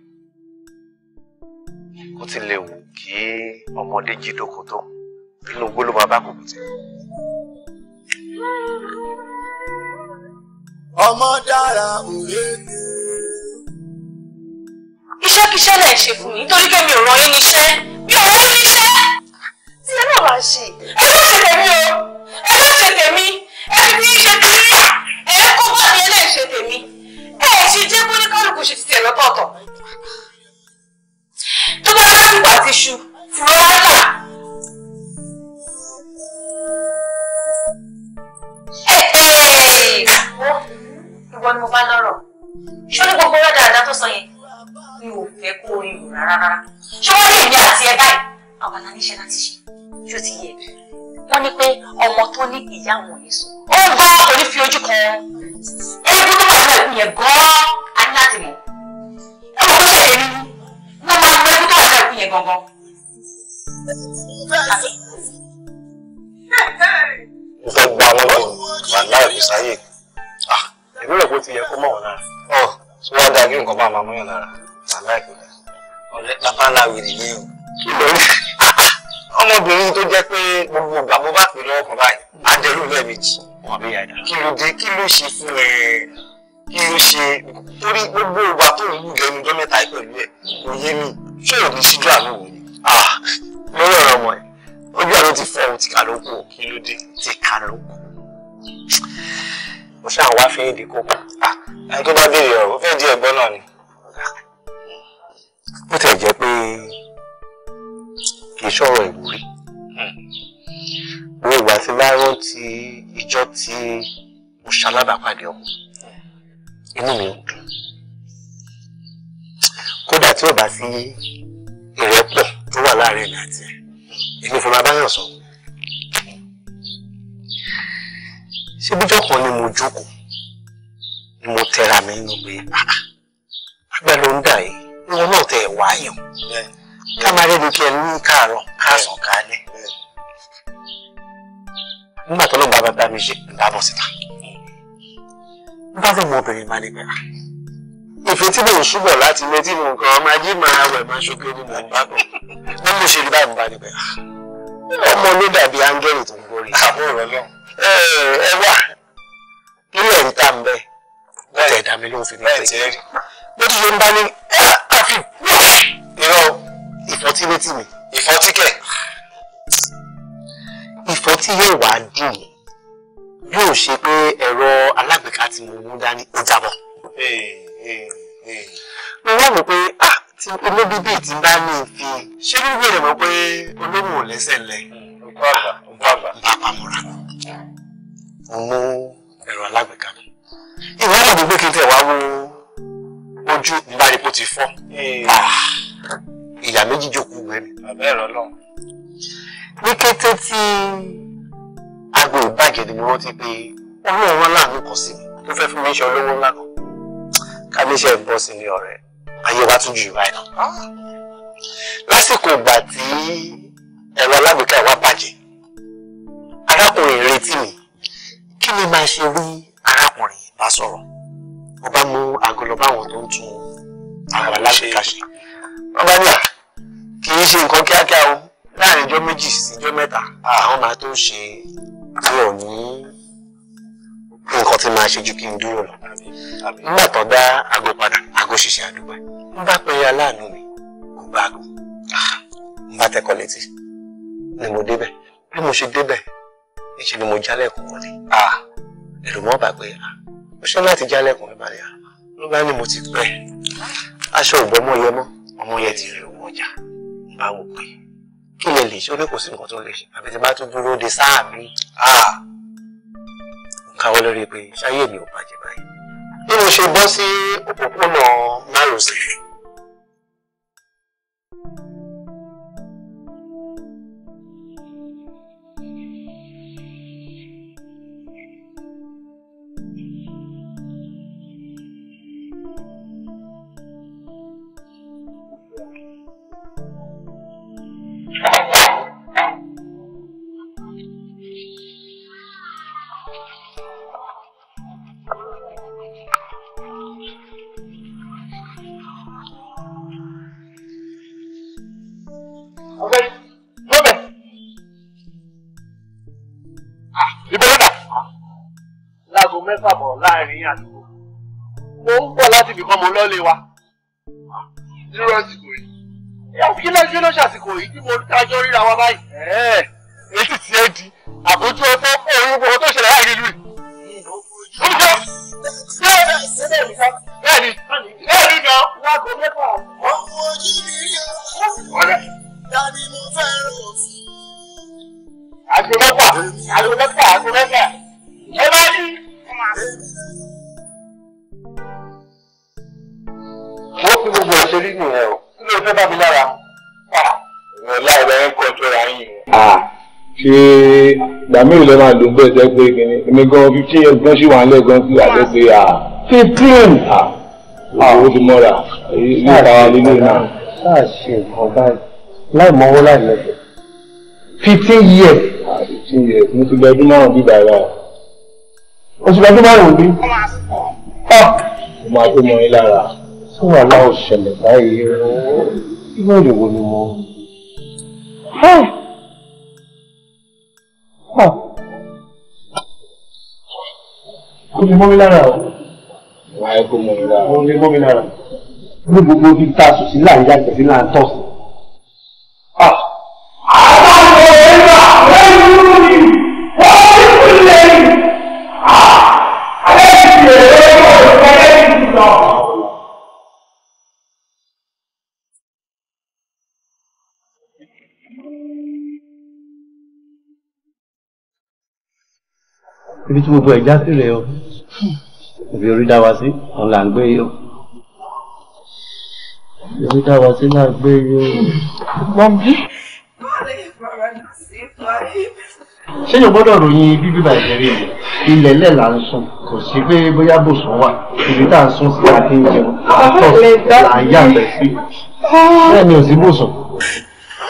ó ti lè wù kí ọmọdé jí dòkó tó inú igbó ló máa bá kòkó tẹ. ọmọ dára òye. iṣẹ́kíṣẹ́ lẹ̀ ṣe fún mi nítorí pé mi ò rán yín níṣẹ́ mi ò rán yín níṣẹ́. tí ẹ náà máa ṣe. ẹ má ṣe tèmi o ẹ má ṣe tèmi ẹ fi ṣe tèmi ẹ kó bá mi ẹ náà ṣe tèmi ṣe jẹ́ kó ní kálukú ṣe ti tẹ̀ lọ́tọ̀ọ̀tọ̀ tó bá dárúkọ àti ṣu fúrọ́lá. ìwọ ni mo bá lọ́rọ̀ ṣó ní gbogbo rẹ̀ dáadáa tó sọ yẹn mi ò fẹ́ kó orin rò rárá rárá ṣé wọ́n ní èmi àti ẹ báyìí àwọn aláníṣẹ́ láti ṣe ṣó ti yẹ wọ́n ní pé ọmọ tó ní ìyá àwọn ní sùn gbọ́ kò ní fi ojú kan ewu tó wà nínú ẹ̀kú yẹn gan-an á ní láti mọ̀ ẹ mọ̀ tó ṣẹlẹ̀ ní wọ́n máa mọ ewu tó wà nínú ẹ̀kú yẹn gangan. mo fẹ́ gba àwọn ọmọ ìgbà náà fi sáyè èmi rẹ̀ bó ti yẹ kó mọ̀ wọn lára tí wọ́n dá kí nǹkan bá máa mú yàn lára àláìpẹ́ ọ̀rẹ́ lápá láwìrì ni o ọmọbìnrin tó jẹ́ pé gbogbo ìgbà mo bá pè lọ́wọ́ kan báyìí á dẹrù lẹ́ẹ̀mejì kí ló dé kí ló ṣe fún ẹ kí ló ṣe torí gbogbo ìgbà tó ń wù lẹ́nu ọjọ́ mẹ́ta pẹ̀lú ẹ̀ kò yé mi ṣé ò ní síjú àánú wò ni lórí ah, ọ̀rọ̀ ọmọ ẹ̀ ojú àánú ti fọ́ ti kà lóko kí ló dé ti kà lóko mo ṣáà wá fi èdè kókó ah, ẹni tó bá béèrè ọ̀rọ̀ ó fẹ́ di ẹ̀gbọ́n náà ni bó tẹ̀ jẹ́ pé kì í ṣọ̀rọ̀ ìwúrí mo ìgbà tí bá rántí ìjọ tí mo ṣalábàápàdé ọmọ inú mi ń dùn kódà tí ò bá sí ìrẹ́pọ̀ tó wà láàrin èmi àti èmi fún abáyàn sọ ṣé bíjọ́ kan ni mo jókòó ni mo tẹra mi nínú pé àgbà ah, ah, ló ń dà yìí ìwọ náà tẹ ẹ̀ ká má rí mi káàárọ̀ káàsán káálẹ́ nígbà tó lọ́gbà bàbá mi ṣe ìdábọ̀ síta bá lọ́mọ obìnrin máa ní bẹ̀rẹ̀ ah, ìfẹ́ tí mò ń ṣúbọ̀ láti ilé tí mò ń kàn máa jí máa wẹ̀ máa ṣoge ni mò ń bá bọ̀ wọ́n mú ṣe báyìí bá ní bẹ̀rẹ̀ ah, ọmọ ló dàbí áńgẹ́lì tó ń gorí àbọ̀ ọ̀rọ̀ lọ ẹ wà nílẹ̀ ń tà ń bẹ̀ bẹ́ẹ̀ dàmí ló ń fi mí pé bó ti ṣe ń bá ní àfi ah, irọ́ ìfọ́tílétí mi ìfọ́tí kẹ̀. ìfọ́tí yóò wá dì í yóò ṣe pé ẹ̀rọ alágbèéká tí mo mú dání ó jábọ̀. mo wá mọ̀ pé ah tí inú bíbí ti bá mi fi ṣé ló bèrè mọ́ pé olóhùn ò lẹ́sẹ̀ lẹ̀. bàbá pamọ́ra mo mú ẹ̀rọ alágbèéká mi. ìwọ́n náà gbogbo kí n tẹ̀ wá wo ojú ìbáraẹ̀pọ̀ ti fọ́ ìjà méjì jókòó gbẹ̀mí. bàbá ẹ̀rọ lọ́hùn. ní kété tí agbo ìbàgẹ̀dẹ̀ ni wọ́n ti pe olóòwò wọn láàánú kan sí mi tó fẹ́ fún mi ṣe olówó ńlá kan kábíyèsí bọ́ sí ilé ọ̀rẹ́ ayé wa tún jù báyìí lọ. lásìkò ìgbà tí ẹ̀rọ alágbèéká wa bàjẹ́ arákùnrin retí mi kí ni máa ṣe wí arákùnrin bá sọ̀rọ̀ mo bá mú agolo báwọn tó ń tún àwọn alágbèéká ṣe. wọ́n bá ní à ṣe nǹkan kíákíá o láàrin ọjọ́ méjì sí ọjọ́ mẹ́ta àwọn máa tó ṣe àwọn ò ní nǹkan tí máa ṣe ju kí n dúró lọ nígbà tó dá aago padà aago ṣiṣẹ́ àdúgbà ń bá pẹ̀lú aláàánú mi kò bá aago ah, ń bá tẹ́kọ̀ létí ni mo débẹ̀ bí mo ṣe débẹ̀ níṣẹ́ ni mo jálẹ̀kùn wọlé ah, ẹ̀rù mọ́ bàgbé ó ah, ṣe láti jálẹ̀kùn mi balẹ̀ ló bá ní mo ti pẹ́ aṣọ ògbọ́mọ yẹ mọ́ ọmọ yẹ ti rẹ̀ owó ọjà bá wò pé kí lè lè ṣe ó ní kò sí nǹkan tó lè ṣe àbí tí bá tún dúró de sáà mi ah! káwọ́ lórí pé ṣáyé mi ò bàjẹ́ báyìí. bí ṣe bọ́ sí òpópónà márosẹ̀ káàbọ̀ láàrin àdúgbò mo ń bọ̀ láti ibìkan mo lọ́lé wa. nírọ̀ àsìkò yìí. kí lẹ́jú ló ṣàsìkò yìí tí mo tájọ́ ríra wa báyìí. etí ti ẹ di àbójú ọtọ òun gbogbo tó ṣẹlẹ̀ láàrin ìlú yìí. Bẹ́ẹ̀ni, bẹ́ẹ̀ni gan. Lágbo mo fẹ́ràn òfin. Àgbo mẹ́fà, àgbo mẹ́fà, àgbo mẹ́fà. rí nìyẹn o kí ló fẹ́ bá mi lára ìwọ̀n láìpẹ́ ń kọ́ tó ra yín. ṣé ìdààmú ìlú máa lò ń bẹ́ẹ̀ jẹ́ pé kìnní èmi gan fifteen years gan ṣì wà nílẹ̀ gan fún àjẹ́ pé fifteen. owó ti mọ́ra ilé ìtawà lílé náà. ṣáà ṣe nǹkan báyìí láì mọ́wọ́ láì lẹ́sẹ̀. fifteen years. fifteen years mo ti gbẹdún márùn-ún bíbá ẹ̀ lára. oṣù gbẹdún márùn-ún bí. ó máa tó mọ yín lára tí wàá láwọn ṣẹlẹ̀ báyìí irú èrè wo ni mo. kò ní mọ́ mi lára o. wàá kò mọ́ mi lára. kò ní mọ́ mi lára. ní gbogbo ibi tá a sùn sí là ń sí là ibi tí gbogbo ẹ̀já sí rẹ̀ o ibi orí dá wa sí òun là ń gbé yìí ibi dá wa sí là ń gbé yìí o. gbọ̀ngí. ṣé yóò gbọ́dọ̀ ròyìn bíbí bàjẹ́ rí mi ilẹ̀ lẹ̀ là ń sùn kò sí pé bóyá bòsùn wà ibi tá à ń sùn sí àti ń jẹun àtọ̀ là ń yàgbẹ́ sí ah. bẹ́ẹ̀ ni ò sí bòsùn.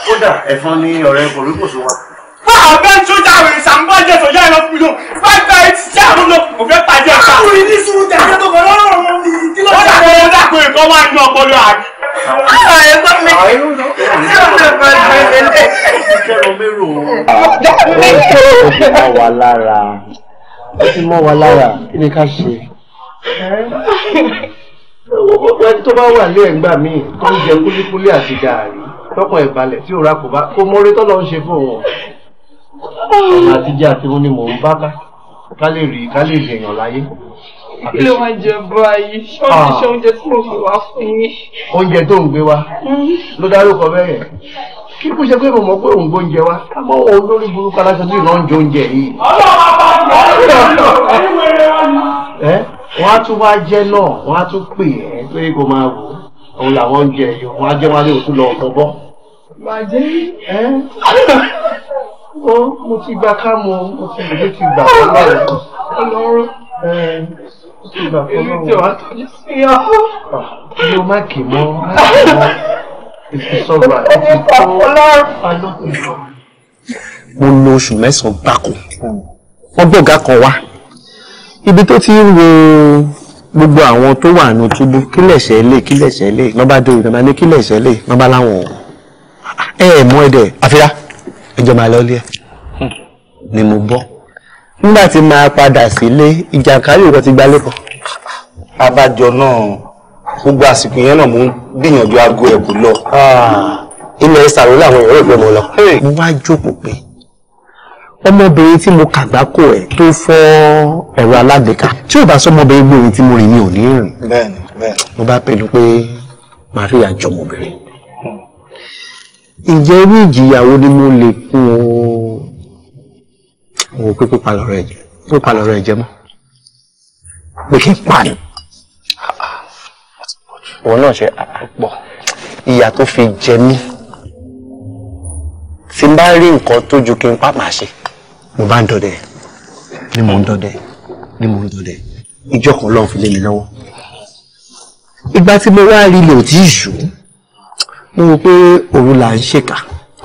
kódà ẹ̀fọn ni ọ̀rẹ́ kò rí bòsùn wa bá ọ̀gá sójà rẹ̀ sàmúbàjẹ́ sọ̀yà ẹ̀rọ fún mi lò bá gba etí sí àrùn lọ ọ̀gá pàjẹ́ ká. àwọn ìní sùúrù tẹ̀lé tó kọ lọ́rọ̀ wọn ni kí ló dé. ó dàgbọ́ ẹ̀kọ́ wá inú ọpọlọ àbí. àwọn ẹ̀kọ́ mi ti mọ́ wa lára ó ti mọ́ wa lára kí ni ká ṣe ẹni tó bá wà ní ẹ̀ngbà míì tó ń jẹ kúlíkúlí àti gàárì tọkàn ìbalẹ̀ tí ò rà kó mórí tọ́lọ́ ń ṣe fún wọn ọ̀nà àtijọ́ àti wọn ni mò ń bá ká ká lè rí ká lè rí èèyàn láyé. kí ló máa jẹ báyìí ṣọ́ọ̀ṣì ah. ṣe oúnjẹ tí mo gbé wá fún yín. oúnjẹ tó ń gbé wá ló dárúkọ bẹ́ẹ̀ kí kú ṣe pé mo mọ̀ pé òun gbóúnjẹ wá àmọ́ òun lórí burúkú aláṣọ tí ìran ń jẹ oúnjẹ yìí. wọ́n á tún wá jẹ́ náà wọ́n á tún pè é pé kò máa wò ó òun làwọn oúnjẹ yìí wọ́n á jẹ́ wálé òtún lọ ọ̀tọ̀ bọ́. bàjẹ́ ẹ́. ó mo ti gba kámo mo ti gbé ti gbà fún báyìí ọlọ́run mo ti gbà fún báyìí. èmi tí wàá tọ́jú sí ọ. mi ò má kì mọ́ má kì mọ́ ìfisọ́gbà ìfisọ́ alọ́kùnrin. mo lo oṣù mẹ́sàn-án gbáko wọ́n gbọ́gà kan wá ibi tó ti ń wo gbogbo àwọn tó wà nù túbú kílẹ̀ṣẹ̀ lè kílẹ̀ṣẹ̀ lè lọ́ba dé òyìnbó ní kílẹ̀ṣẹ̀ lè lọ́ba láwọn ah, ẹ̀ mọ́ ẹ̀dẹ̀ àfíà ẹjọ́ máa lọ lé ẹ̀ ni mo bọ́ nígbà tí máa padà sílé ìjàkárì ìwọ ti gbalé kan. abájọ náà gbogbo àsìkò yẹn náà mo ń gbìyànjú aago ẹ̀bù lọ ah. ilẹ̀ ìsàrò làwọn èèyàn ìgbẹ́ mo lọ. mo wá jókòó pé ọmọbìnrin tí mo kàgbákò ẹ̀ tó fọ́ ẹ̀rọ alágbèéká tí ò bá sọmọbìnrin gbòòrìn tí mo rìn mi ò ní rìn. bẹ́ẹ̀ni bẹ́ẹ̀ni. mo bá pinnu pé màá fìyà jọmọbìnrin ìjẹ́ irú ìjìyàwó ni mo lè kún o wò pé pípa lọ́rọ̀ ẹ̀jẹ̀ pípa lọ́rọ̀ ẹ̀jẹ̀ mọ́ pé kí n pa ni. òun náà ṣe àpapọ̀ ìyà tó fi jẹ mí tí n bá rí nǹkan tó ju kí n pàpà ṣe mo bá ń dọdẹ ni mo ń dọdẹ ni mo ń dọdẹ ìjọ kan fi lé mi lọ́wọ́ ìgbà tí mo wá rí lò tí ì ṣùgbọ́n mo rò pé òru là ń ṣèkà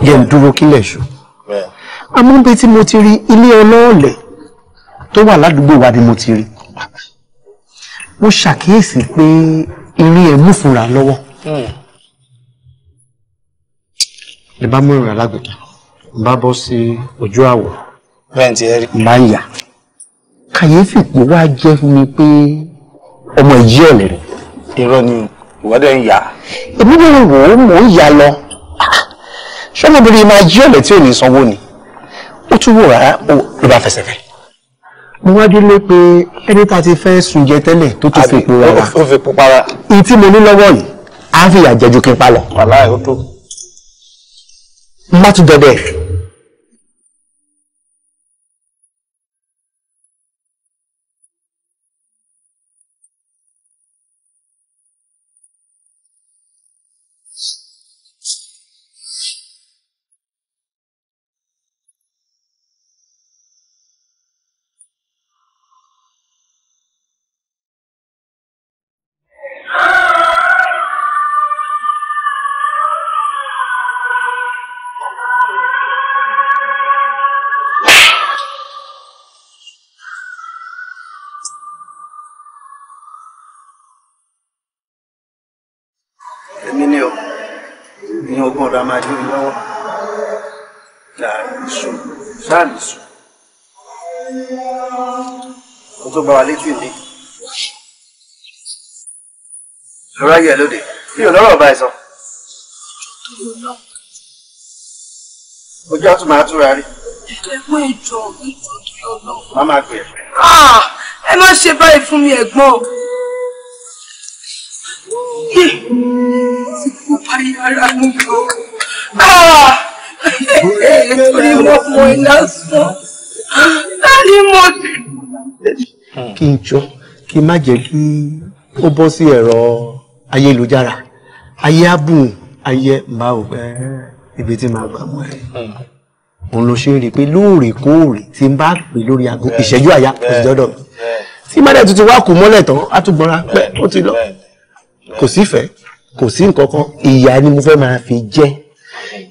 yẹn ń dúró kílẹ̀ ṣù àmọ́ tí mo ti rí ilé ọlọ́ọ̀lẹ̀ tó wà ládùúgbò wa ni mo ti rí mo ṣàkíyèsí pé irin ẹ̀ mú fúnra lọ́wọ́ lè hmm. bá mú ìrìn alágbèéká n bá bọ́ sí ojú àwọ̀ n bá ń yà kàyéfì pé wàá jẹ́ fún mi pé ọmọ ìyí ọ̀lẹ̀ rẹ̀ irọ́ ni ìwọ́dẹ̀ ń yà. èmi lè wò ó mò ń yà lọ ṣọ́nàbìnrin máa jí ọ̀lẹ̀ tí ò ní sanwó ni ó tún wò rárá ló bá fẹsẹ̀ fẹ́. mo wá délé pé ẹni tá a ti fẹ́ sùn jẹ tẹ́lẹ̀ tó tún fi ipò rárá ó fi ipò para. ìyí tí mo ní lọ́wọ́ yìí á fìyà jẹ ju kí n pa lọ. wàhálà ẹ̀ ó tó. má tún dọdẹ. ráyè ẹ lóde mi ò lọ́rọ̀ bá ẹ sọ. ojú àtúmọ̀ àtúrà rí. ẹ̀gbọ́n ìjọ ìjọ kí ọlọ́run. má gbé ah! ẹ. má ṣe báyìí fún mi ẹ̀gbọ́n o. yé parí ara mi gan. Ah! torí mo mọ iná sọ. láti mọ. kí n jọ kí n má jẹ́ kí ó bọ́ sí ẹ̀rọ ayélujára ayé abùn ayé màá ò pẹ́ ibi tí màá gbà mú ẹ òun ló ṣe rí i pé lóòrèkóòrè tí n bá pè lórí aago ìṣẹ́jú àyà kò sì jọ́dọ̀ tí mọ́lẹ̀ tuntun wá kù mọ́lẹ̀ tán á tún gbọ́nra pẹ́ ó ti lọ kò sífẹ̀ẹ́ kò sí nǹkan kan ìyá ni mo fẹ́ máa fi jẹ́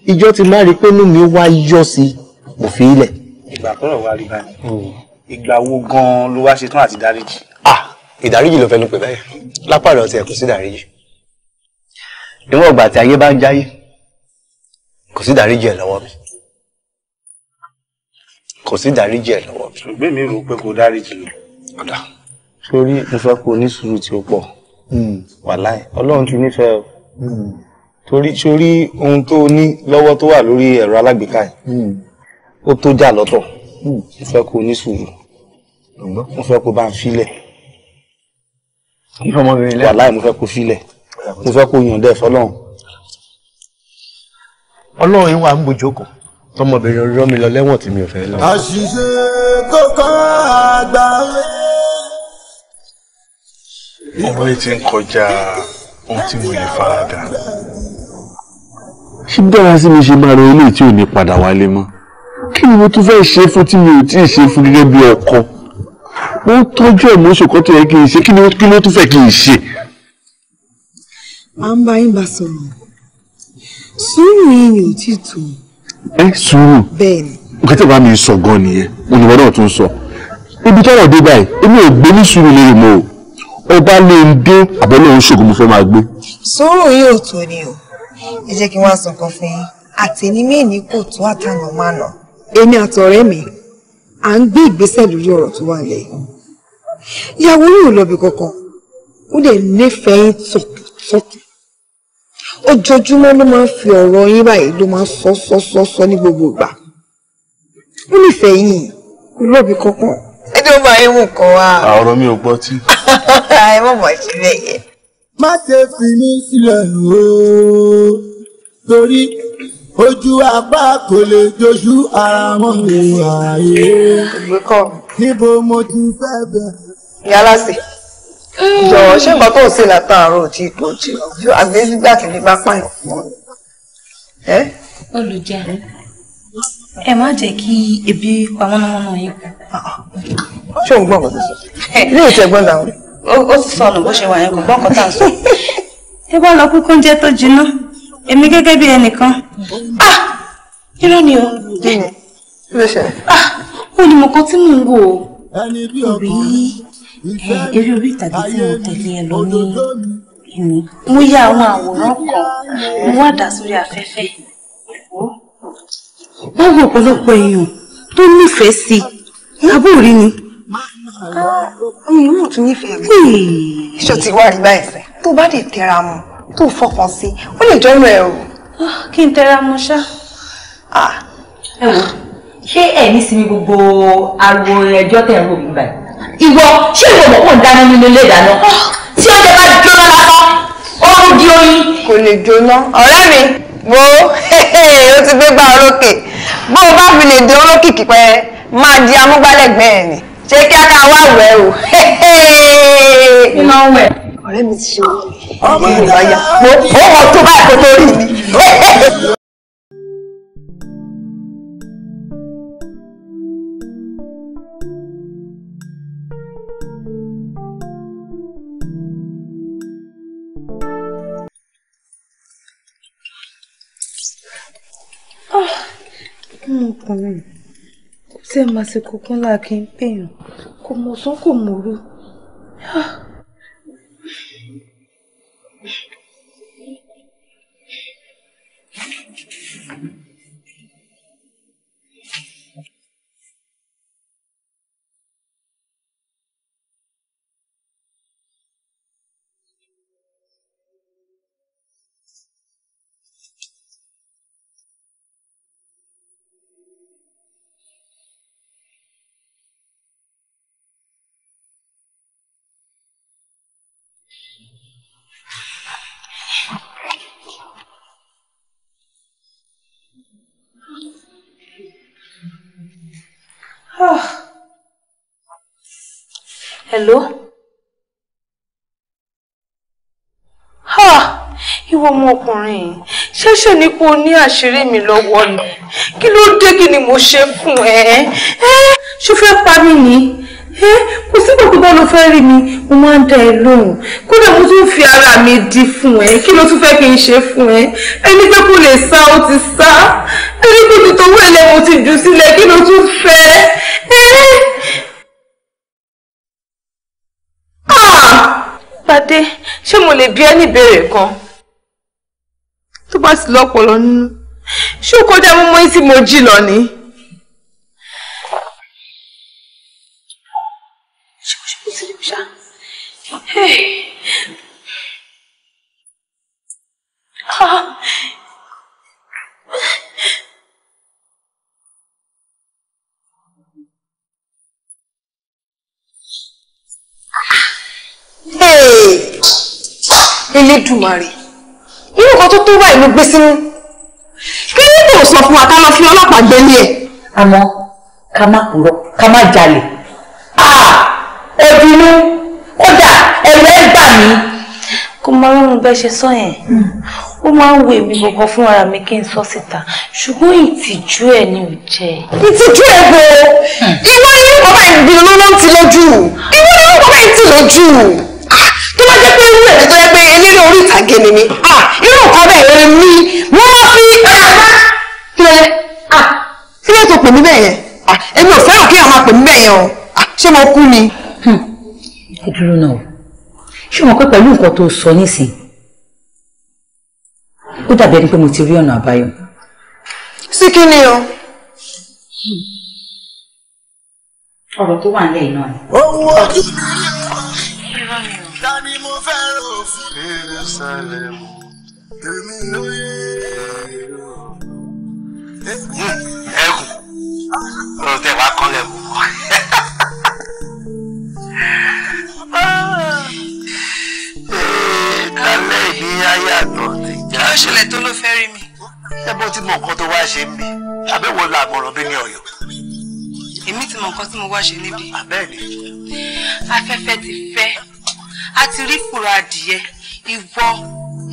ìjọ ti máa rí i pé inú mi wá yọ sí kò ilẹ̀. ìgbà kọ́rọ̀ wá rí báyìí hmm. ìgbà wo gan-an ló wá ṣe tán àti dáríjì. ah ìdáríjì ló fẹ́ ló pè báyìí lápá ọ̀dọ̀ tiẹ̀ kò sí dáríjì níwọ̀n ìgbà tí ayé bá ń jáyé kò sí ìdáríjì ẹ̀ lọ́wọ́ mi kò sí ìdáríjì ẹ̀ lọ́wọ́ mi. ṣùgbọ́n mi rò pé kò dáríjì lọ. ọ̀dà. sórí mo fẹ́ kó ní sùúrù tí ó pọ̀ hmm. wàláì ọlọ́run ti nífẹ̀ẹ́ o hmm. torí sórí ohun tó ní lọ́wọ́ tó wà lórí ẹ̀rọ alágbèéká yìí hmm. ó tó jà lọ́tọ̀ mo fẹ́ kó ní sùúrù mo fẹ́ kó bá ń filẹ̀ wàláì mo fẹ́ kó filẹ̀ mo fẹ́ kó yàn dẹ́ fọlọ́run. ọlọ́run yín wà ń bójú tọmọbìnrin rán mi lọ lẹ́wọ̀n tí mi ò fẹ́ lọ. àṣìṣe kókó àgbà rẹ. yìí ti ń kọjá ohun tí mo lè faradà. ṣé dára sí mi ṣe máa ro eléyìí tí ò ní padà wálé mọ́ kí ni mo tún fẹ́ ṣe fún tí mi ò tí ì ṣe fún gẹ́gẹ́ bí ọkọ mo ń tọ́jú ẹ̀ mọ́ṣù tó yẹ kí n ṣe kí ló tún fẹ́ kí n ṣe à ń bá yín bá sọ̀rọ̀ sùúrù yín ò tí tó. ẹ sùúrù bẹ́ẹ̀ni. nǹkan tí bàbá mi sọ gan nìyẹn olùwọ́n náà tún sọ ibi tọ́rọ̀ dé báyìí èmi ò gbé ní sùúrù lè mọ o ọba lè ń dé àbọ̀ lóun ṣògùn mo fẹ́ máa gbé. sùúrù yín ò tó ni o ẹ jẹ́ kí wọ́n á sọ kan fún yín àtẹnimẹ́ẹ̀ni kò tó àtàwọn máa nà èmi àtọ̀rẹ́ mi à ń gbé ìgbésẹ̀ lórí ọ̀rọ̀ tó wà lẹ́yìn ìyàwó yóò lọ bí kankan ó dẹ̀ nífẹ̀ẹ́ yín sókè ojoojúmọ́ ló máa ń fi ọ̀rọ̀ yín báyìí ló máa ń sọ sọ sọ sọ ní gbogbo ìgbà ó nífẹ̀ẹ́ yìí kò lóbi kankan ẹni ó máa ń mú nǹkan wá. ọ̀rọ̀ mi ò gbọ́ tí. ẹ má mọ̀ sí lẹ́yìn. má ṣe fi mí sílẹ̀ ooo torí ojú apá kò lè dojú ara wọn wò ààyè níbo mo ti fẹ́ bẹ̀rẹ̀. ìyá lásìkò jọ̀wọ́ ṣé nǹkan tó ń ṣe látàárọ̀ tí tó ti ọjọ́ àgbẹ̀ nígbà kìíní bá pààyàn mọ́ ẹ. olùjẹ ẹ má jẹ́ kí ebi pa mọnàmọná yìí kú. ṣé òun gbọ́ nǹkan tó sọ ilé ìtẹ̀ gbọ́n dàrú. ó sì sọnù bó ṣe wà yẹn kò gbọ́ nǹkan tá ń sọ. ẹ bá lọ kúkú oúnjẹ tó jiná èmi gẹ́gẹ́ bí ẹnìkan. ah irọ́ ni o. kí ló ṣe. Ah! ó ní mo kọ́ tí mò ń wò ó. obìnrin eré orí ìtàgé tí mo tẹ̀lé ẹ lọ ní ìní mo yá àwọn àwòrán kan mo wá dà sórí afẹ́fẹ́ wọ́n wọ ọ̀pọ̀lọpọ̀ èèyàn tó nífẹ̀ẹ́ sí i àbúrí ni ọmọ ah, tún nífẹ̀ẹ́ mi. ṣó ti wá rí báyìí sẹ́ tó bá lè tẹra mọ́ tó fọkàn sí ó lè jọ́rùn ẹ̀ o. Ah, kí n tẹra mọ́ ṣá. Ah. ẹ wo ṣé ẹ ní sinmi gbogbo ariwo ẹjọ́ tẹ̀ ń rò mí báyìí ìwọ ṣé ìwọ mọ̀ kó ń dáná nínú ilé ìdáná ah, tí ó jẹ bá jóná lásán ọrùn di oyin. kò lè jóná ọ̀rẹ́ mi wo o ti gbé gbá olókè bó o bá fi lè dé olókìkí pẹ́ máa di amúgbálẹ́gbẹ̀ẹ́ ni ṣé kí a ká wá wẹ̀ o. mi máa ń wẹ̀. ọ̀rẹ́ mi ti ṣe ọmọ ìgbà yà pé ó mọ̀ tó báyìí kó tó rí mi. ọkùnrin kò sí ẹ̀ máa ṣe kókó ńlá kí n pèèyàn kò mọ̀ sán kò mọ̀rú. Ah. Hello? Ha! Ìwọ ọmọkùnrin, ṣẹ́ṣẹ́ ni kò ní àṣírí mi lọ́wọ́ ni. Kí ló dé kí ni mo ṣe fún ẹ? Ṣo fẹ́ pa mí ni? Kò sí gbogbo bá ló fẹ́ rí mi, mo máa ń dá ẹ lóhùn. Kódà mo tún fi ara mi di fún ẹ. Kí ló tún fẹ́ kí n ṣe fún ẹ? Ẹni pé kò lè sá, ó ti sá. Ẹni pé kò ti tọwọ́ ẹlẹ́wọ̀n ti jù sílẹ̀. Kí ló tún fẹ́? Bàdé, ṣé mo lè bi ẹ́ ní ìbéèrè kan? Tó bá sì lọ́pọ̀lọ́ nínú, ṣé ó kọjá mọ́mọ́ tí mo jí lọ ni? Ah! elédùmarè irú nǹkan tó tó báyìí ló gbé sínú kí ní kò sọ fún wa ká lọ fi ọlọ́pàá gbélé ẹ̀. àmọ́ ká má purọ́ ká má jalè ọdúnú kódà ẹ̀rọ ẹ̀ gbà mí. kò mọ ọlọ́run bẹ́ẹ̀ ṣe sọ yẹn hmm. ó máa ń wo èmi gbọ̀ngàn fún ara mi kí n sọ síta ṣùgbọ́n ìtìjú ẹ̀ ni ò jẹ́. ìtìjú ẹ̀ gbòó hmm. ìwọ ni bàbá ìbí ló ló ń ti lójú ìwọ ni bàbá ìbí lójú tó bá jẹ́ pé irú èrè tó yẹ pé eléré orí ìtàgé ni mi irú nǹkan bẹ́ẹ̀ rẹ mi mo máa fi kílẹ̀ kílẹ̀ tó pè mí bẹ́ẹ̀ yẹn èmi ò fẹ́ràn kí àwọn apè mí bẹ́ẹ̀ yẹn o ṣé mo kú ni. Hmm. ẹ dúró náà ṣé mo pẹ́ pẹ̀lú nǹkan tó sọ nísìn ó dàbí ẹni pé mo ti rí ọ̀nà àbáyọ. sí kí ni o. Hmm. ọ̀rọ̀ tó wà nílẹ̀ yìí náà ni. Jerusalem. Ẹ̀kùn, ọ̀rọ̀ tẹ̀ wá kọ́ lẹ́kùn. Lálẹ́ ní ayàtọ̀ ti já. Ló ṣẹlẹ̀ tó ló fẹ́ rí mi. Ṣé bó ti mọ nǹkan tó wá ṣe ń bí? Àbẹ̀wò la àgbọ̀rọ̀ bí ní Ọ̀yọ́. Èmi ti mọ nǹkan tí mo Afẹ́fẹ́ ti fẹ́, a ti rí fùrọ̀ adìyẹ ìwọ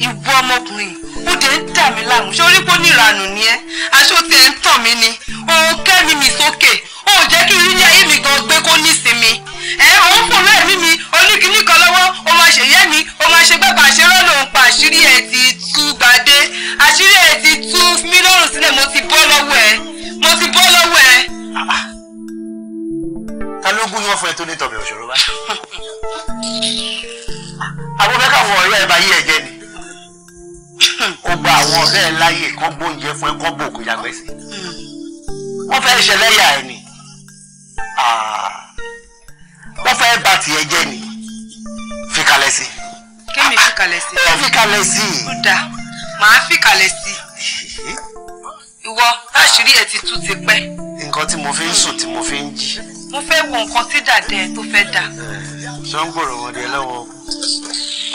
ìwọ ọmọkùnrin ó dé ń dà mí láàmú ṣé orí kò ní ìranù ni ẹ aṣọ tí ẹ ń tàn mí ni òun kẹ́mi mi sókè ó jẹ́ kí ilé ayé mi gan gbé kó nísinmi ẹ òun fún lẹ́ẹ̀mí mi oníkìní kan lọ́wọ́ ó máa ṣèyẹ́ mi ó máa ṣe gbẹ́pà ṣe rọ́nà òun pa àṣírí ẹ̀ ti tú gbadé àṣírí ẹ̀ ti tú mílíọ̀nù sílẹ̀ mo ti bọ́ lọ́wọ́ ẹ mo ti bọ́ lọ́wọ́ ẹ. Ah, ah. ta ló gún yín wọ́n fún ẹ tó ní tọ̀bẹ̀ àwọn fẹ́ káwọn ọ̀rẹ́ ẹ bá yí ẹ̀jẹ̀ ni ó gba àwọn ọ̀rẹ́ ẹ láyè kán gbóúnjẹ fún ẹ kán bò ògùn yàgbẹ́ sí wọ́n fẹ́ ṣe lẹ́yà ẹ ni ah. wọ́n fẹ́ bà tiẹ̀ jẹ́ ni fi kalẹ̀ sí. kémi fi kalẹ̀ sí. ẹ fi kalẹ̀ sí. ó dáa màá fi kalẹ̀ sí ìwọ táṣìírí ẹ ti tú ti pẹ́. nǹkan tí mo fi ń sùn tí mo fi ń jí mo fẹ́ wo nǹkan tí dàdẹ tó fẹ́ dà. ṣé ń gbòòrò wọn di ẹlẹ́wọ̀n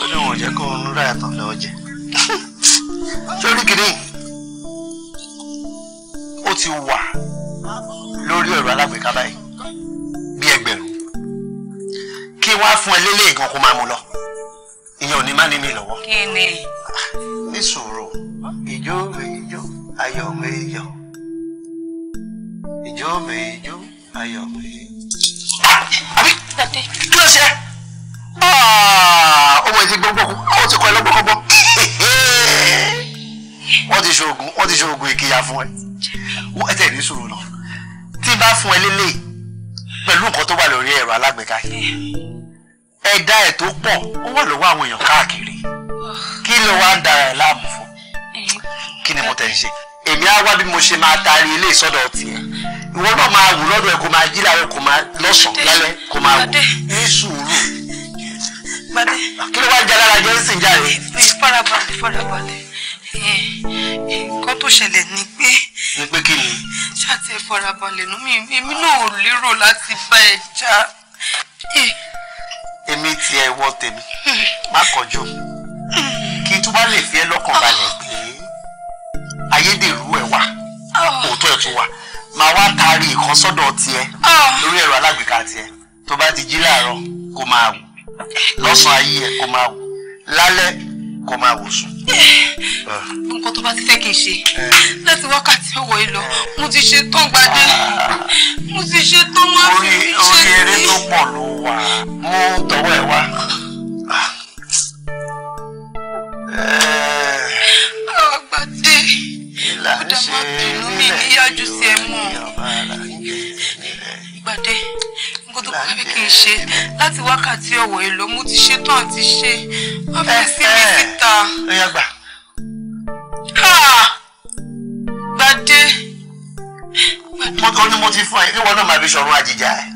ó ní wọn jẹ́ kó ń rà yàtọ̀ lọ́wọ́ jẹ. sórí kìíní ó ti wà lórí ẹ̀rọ alágbèéká báyìí bí ẹgbẹ̀rún kí wọ́n á fún ẹ lélẹ́yìn kan kó máa mú lọ ìyẹn ò ní má ní mi lọ́wọ́. kí ni. ní sòrò ìjó mi ìjó ayọ̀ mi yọ̀ ìjó mi ìjó. Báyọ̀mí. Àbí dàdé. Kí ló ṣe? Ah, ọmọ ìdí gbogbo ó ti kọ́ ẹ lọ́gbọ́kọ́gbọ́. Wọ́n ti ṣoògùn wọ́n ti ṣoògùn ìkìyà fún ẹ. Wọ́n ẹ tẹ̀ ní sùúrù náà. Tí n bá fún ẹ lélẹ̀ pẹ̀lú nǹkan tó wà lórí ẹ̀rọ alágbèéká yìí. Ẹ̀dá ẹ̀ tó pọ̀ ó wà lọ́wọ́ àwọn èèyàn káàkiri. Kí ló wá ń dara ẹ̀ láàmú fún? Kí ni mo tẹ̀ ń ṣe? Èmi á wá bí mo ṣe máa taari ilé ìsọdọ̀ tiẹ̀ ìwọ náà máa wù lọ́dọ̀ ẹ̀ kó máa jí láàárọ̀ kó máa lọ́sàn lálẹ́ kó máa wù ní sùúrù. kí ló wá ń jalára jẹ́ ń sìn jáde. farabalẹ̀ farabalẹ̀ nǹkan tó ṣẹlẹ̀ ni pé. ni pé kí ni. ṣáàtì ẹ farabalẹ̀ nú mi èmi náà ò lérò láti bá ẹ já. èmi tiẹ̀ wọ tèmi má kọjú kí n tún bá lè fi ẹ lọ́kàn balẹ̀ pé ah. ayédèrú ẹ̀ wà ah. òótọ́ ẹ̀ tún wà màá wá taari ìkan sọ́dọ̀ tiẹ̀ ah. lórí ẹ̀rọ alágbèéká tiẹ̀ tó bá ti jí láàárọ̀ kó máa wò lọ́sàn-án ayé ẹ̀ kó máa wò lálẹ́ kó máa wò sùn. Eh, nǹkan tó bá ti fẹ́ kí n ṣe láti wákàtí ọ̀wọ́ yìí lọ mo ti ṣe tán gbadé mo ti ṣe tán máa fi ṣe ní. orí eré tó pọ̀ ló wà mú tọwọ́ ẹ̀ wá. àgbàdé. Ah, ọ̀dọ́mọ bínú mi níyàjú sí ẹ mọ́ gbàdé nǹkan tó kọ́ mi kì í ṣe láti wákàtí ọ̀wọ̀ èlò mo ti ṣe tán àti ṣe wọ́n fi sí mi síta. gbàdé. mo ní mo ti fún ẹ níwọ náà máa fi sọ̀rọ̀ àjìjà ẹ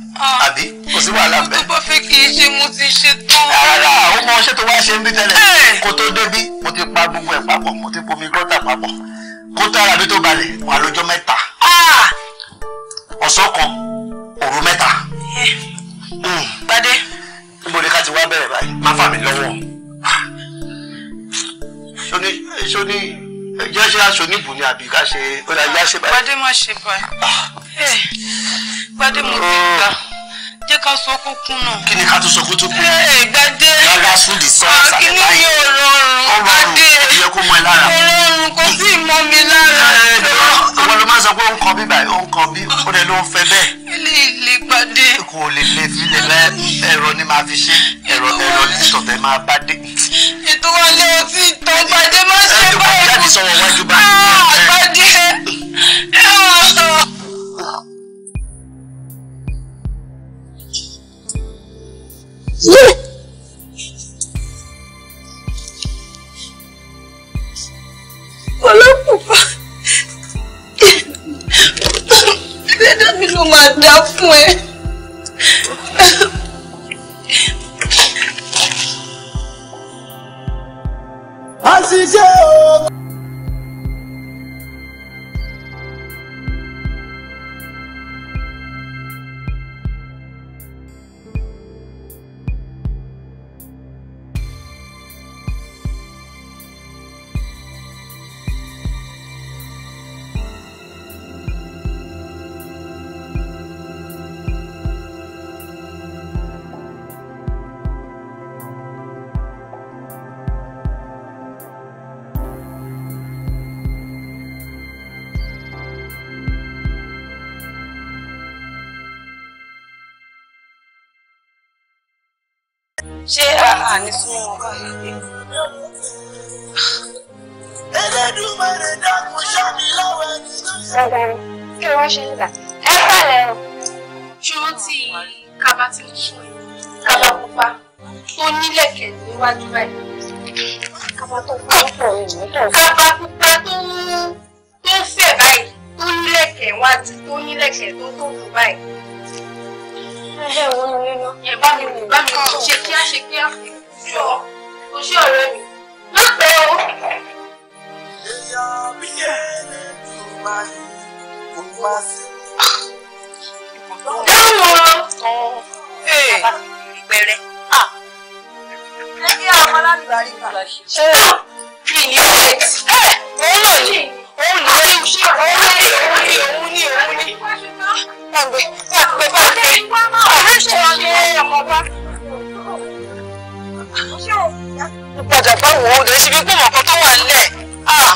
àbí kò sí wàhálà mbẹ. mo tó bá fẹ́ kí n ṣe mo ti ṣe tán. rárá o mọ ṣé tó wá ṣe ń bí tẹ́lẹ̀ kó tó débí mo ti pa gbogbo ẹ̀ papọ̀ mo ti pomi gọ́tà papọ̀ kó tára mi tó balẹ̀ wà lọ́jọ́ mẹ́ta ah! ọ̀sán kan òru mẹ́ta. Eh. Hmm. Gbadé. níbo ni ká ti wá bẹ̀rẹ̀ báyìí má fà mí lọ́wọ́. sóní sóní jẹ́ ṣe aṣọ oníbù ni àbí ká ṣe ó lè ṣe báyìí. Gbadé má ṣe báyìí ah. eh. Gbadé mo ti gbà jẹ́ ká sọkún kúnnà. kí ni ká tún sọkún tó kún. ee gbadé yàrá sùdì sọ́ọ̀sì àti báyìí kí ni yóò rọrùn gbadé rọrùn kò sí mọ mi lára. ìwọ ló máa sọ pé ó ń kọ bí báyìí ó ń kọ bí ó dẹ ló ń fẹ́ bẹ́ẹ̀. ilé ilé gbadé. kò lè lè filẹ̀ bẹ́ẹ̀ ẹ̀rọ ni màá fi ṣe ẹ̀rọ ẹ̀rọ ní sọ̀tẹ̀ máa bá dé. ètò wa lè ọtí tọ́ gbadé má ṣe báyìí. ẹ Yeah. Ọlọ́pùpá. Dẹ́dá mi ló máa dá fún ẹ. Àṣìṣe o. àní súnmọ́ nǹkan yìí. Elédùmarè dákun ṣọ́ mi lọ́wọ́ ẹni tó ṣe. Kí wọ́n ṣe nígbà? Ẹ pẹ̀lẹ́ o. Ṣé wọ́n ti kábà ti mú fún ẹ? Kábà pupa tó nílẹ̀kẹ̀ níwájú ẹ̀. Kábà tó pa púpọ̀ mi fẹ̀ báyìí tó nílẹ̀kẹ̀ wájú tó nílẹ̀kẹ̀ tó tó kù báyìí. Ẹ bá mi wò bá mi wò ṣe kíá ṣe kíá jọ kò gbọ́dọ̀ báwo o lè ṣe fi gbọmọ kan tó wà nílẹ̀. Ah!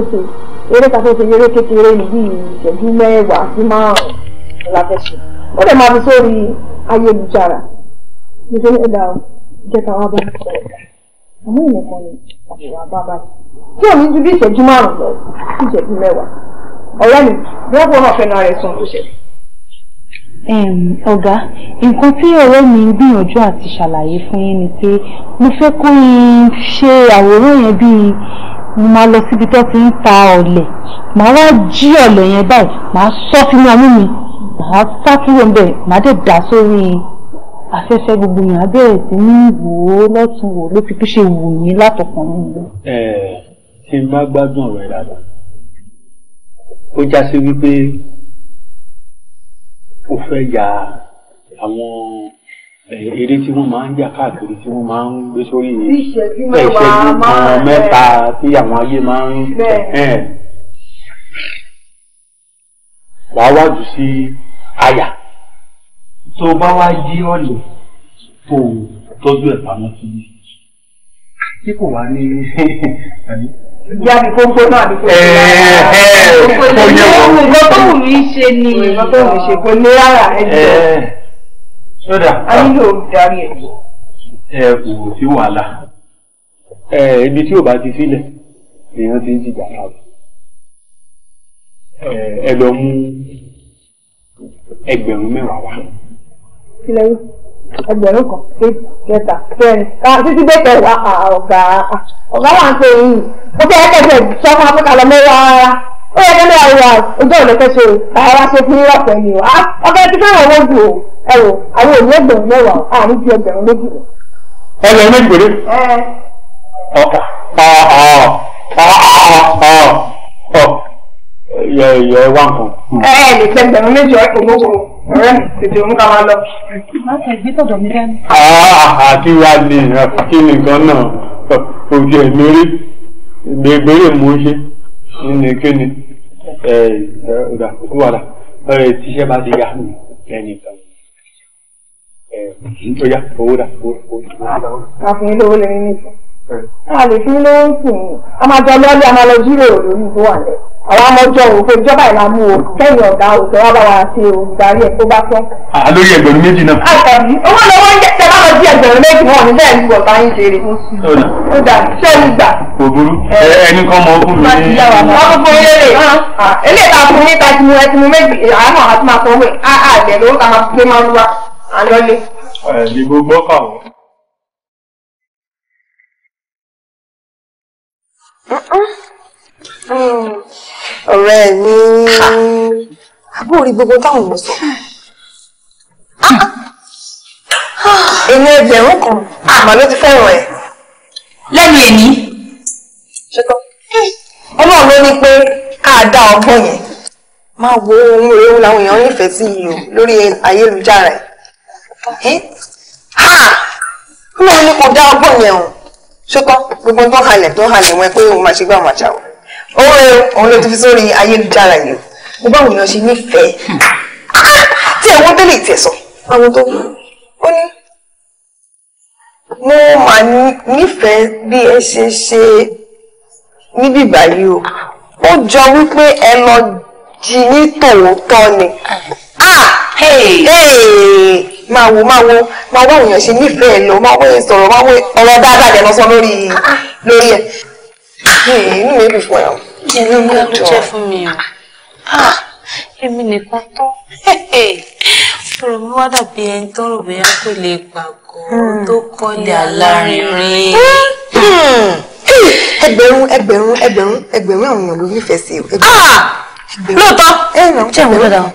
tó ṣe eré ta fẹ́ ṣe eré kékeré níbi ìṣẹ́jú mẹ́wàá sí márùn-ún la fẹ́ ṣe ó dẹ̀ máa fi sórí ayélujára mo ṣe ń ẹ̀dá ìjẹta wa bá ń sọ àmọ́ ìnìkan ni àṣìwà bá bá tí òní ju bí ìṣẹ́jú márùn-ún lọ sí ìṣẹ́jú mẹ́wàá ọ̀rẹ́ mi bí wọ́n fọwọ́ fẹ́nu ara ẹ̀ sùn tó ṣẹlẹ̀. ọ̀gá nǹkan tí ọ̀rẹ́ mi ń gbìyànjú àti ṣàlàyé fún yín ni pé mo fẹ́ kó yín ṣe àwòrán yẹn bíi mo máa lọ síbi tó ti ń ta ọ̀lẹ̀ màá wá jí ọ̀lẹ̀ yẹn báyìí màá sọ́ sínú ọmú mi màá sá kúrò ńbẹ̀ màá dẹ̀ dà sórí afẹ́fẹ́ gbogbo yẹn á bẹ̀rẹ̀ sí ní wò ó lọ́tún wò ló fi kí ṣe wù mí látọkàn mi lọ. ẹ ẹ tí n gbádùn ọ̀rọ̀ ẹ dáadáa ó já sí wípé ó fẹ́ ya àwọn eré tí wọ́n máa ń yà káàkiri tí wọ́n máa ń gbé sórí ìṣẹ́jú mẹ́ta tí àwọn ayé máa ń wàá wájú sí àyà tó bá wá jí ọ̀lẹ̀ tó tọ́jú ẹ̀ pamọ́ sí i tí kò wá ní ìyá mi kókó náà ni kò ní rárá kò ní rárá ẹ̀jẹ̀ sọ́dà a nílò darí ẹ̀. ẹ kò sí wàhálà. ẹ ibi tí ò bá ti sílẹ̀ èèyàn ti ń jìjà káàbọ̀. ẹ lọ mú ẹgbẹ̀rún mẹ́wàá wá. kílẹ̀ yìí ẹgbẹ̀rún kan pé kẹta kẹrin ká títí dé kẹwàá ọ̀gá ọ̀gá wà ń pè yín ó fẹ́ kẹsẹ̀ sọ́kàn afẹ́kàlọ́ mẹ́wàá rárá ó yẹ kẹ́lẹ́ àríwá ojú ọ̀nà kẹ́sẹ̀ àwa ṣe fún yíyá pẹ̀lú o ọbẹ̀ tí káwọn owó jù ẹ wò àwọn òní ẹgbẹ̀rún mẹ́wàá àárín ju ẹgbẹ̀rún méjì lọ. ẹgbẹ̀rún méjì péré. yẹ yẹ wá nǹkan. Hmm. ẹ ẹ lè fẹ́ ẹgbẹ̀rún méjì ọ̀pọ̀ gbogbo ọ̀rẹ́ mi tètè òun ká máa lọ. àti wá ní kí nìkan náà òkè mèrè mèrè mò ń ṣe nínú kíni ẹ ẹ ọ̀dà wàrà ẹ tíṣẹ́ bá ti yá ẹnì kan ó yá owó dà owó dà. a fún yín lówó lẹ́yìn nìkan a lè fún yín lówó ń sìn yín a máa jọ lọ́ọ́lẹ́ a máa lọ jíròrò lórí ìbò wà lẹ́yìn àwọn ọmọjọ òfò ìjọba ìlà mú o lẹ́yìn ọ̀gá òfò wa bá wa ṣe olùdarí ẹ̀ tó bá fẹ́. àlórí ẹgbẹ̀rún méjì náà. àtàbí owó lọ́wọ́ ń jẹ́ lọ sí ẹgbẹ̀rún méjì wọn ò ní bẹ́ẹ̀ ní bọ̀tá yín ṣeré. ó dà ṣé ẹni gbà. kò burú ẹni kan mọ okùn mi. wọ́n fún fún eré eléyìí ta fún mi ta ti mu ẹ ti mu méjì àánú àti máa sanwó àgbẹ̀ lówó ká máa gbé máa ń wá àlọ́lé. ẹ ní gbogbo kà wọ́n. ọ̀rẹ́ mi àbúrò gbogbo táwọn mọ̀ sọ èmi ẹgbẹ̀rún kan ah, àmọ́ ló ti fẹ́ràn ẹ̀. lẹ́nu èmi. Eh, ọlọ́run ló ní pé ká dá ọgbọ́n yẹn máa wo ohun ewu làwọn èèyàn nífẹ̀ẹ́ sí yìí o lórí ayélujára ẹ̀. ọlọ́run eh? ah! ní kò dá ọgbọ́n yẹn o ṣókọ́ gbogbo tó halẹ̀ tó halẹ̀ wọn pé òun máa ṣe gbà wọn àṣà o. owó òun ló ti fi sórí ayélujára yìí o gbogbo àwọn èèyàn ṣe nífẹ̀ẹ́ ah! tí ẹ̀wọ́n bẹ́lẹ̀ ìtẹ̀sọ̀ àwọn tó ó ní mo mà nífẹ̀ẹ́ bí ẹ ṣe ṣe níbí báyìí o ó jọ wípé ẹ lọ jí ní tòótọ́ ni máa wo máa wo máa wá òyìn ṣe nífẹ̀ẹ́ lọ máa wọ́n sọ̀rọ̀ máa wọ́n ọ̀rọ̀ dáadáa dẹ̀ lọ sọ lórí lórí ẹ̀ inú mi bì fún ẹ o. inú mi ló jẹ́ fún mi o èmi nìkan tó ọ̀rọ̀ mi wá dàbí ẹni tó rò bóyá kò lè gbàgbọ́ hmm. tó kọ́lé alárinrin. Hmm. ẹgbẹ̀rún ẹgbẹ̀rún ẹgbẹ̀rún ẹgbẹ̀rún àwọn èèyàn ló nífẹ̀ẹ́ sí o. Ah! lóòótọ́ jẹ́ ìwé lọ́dà o.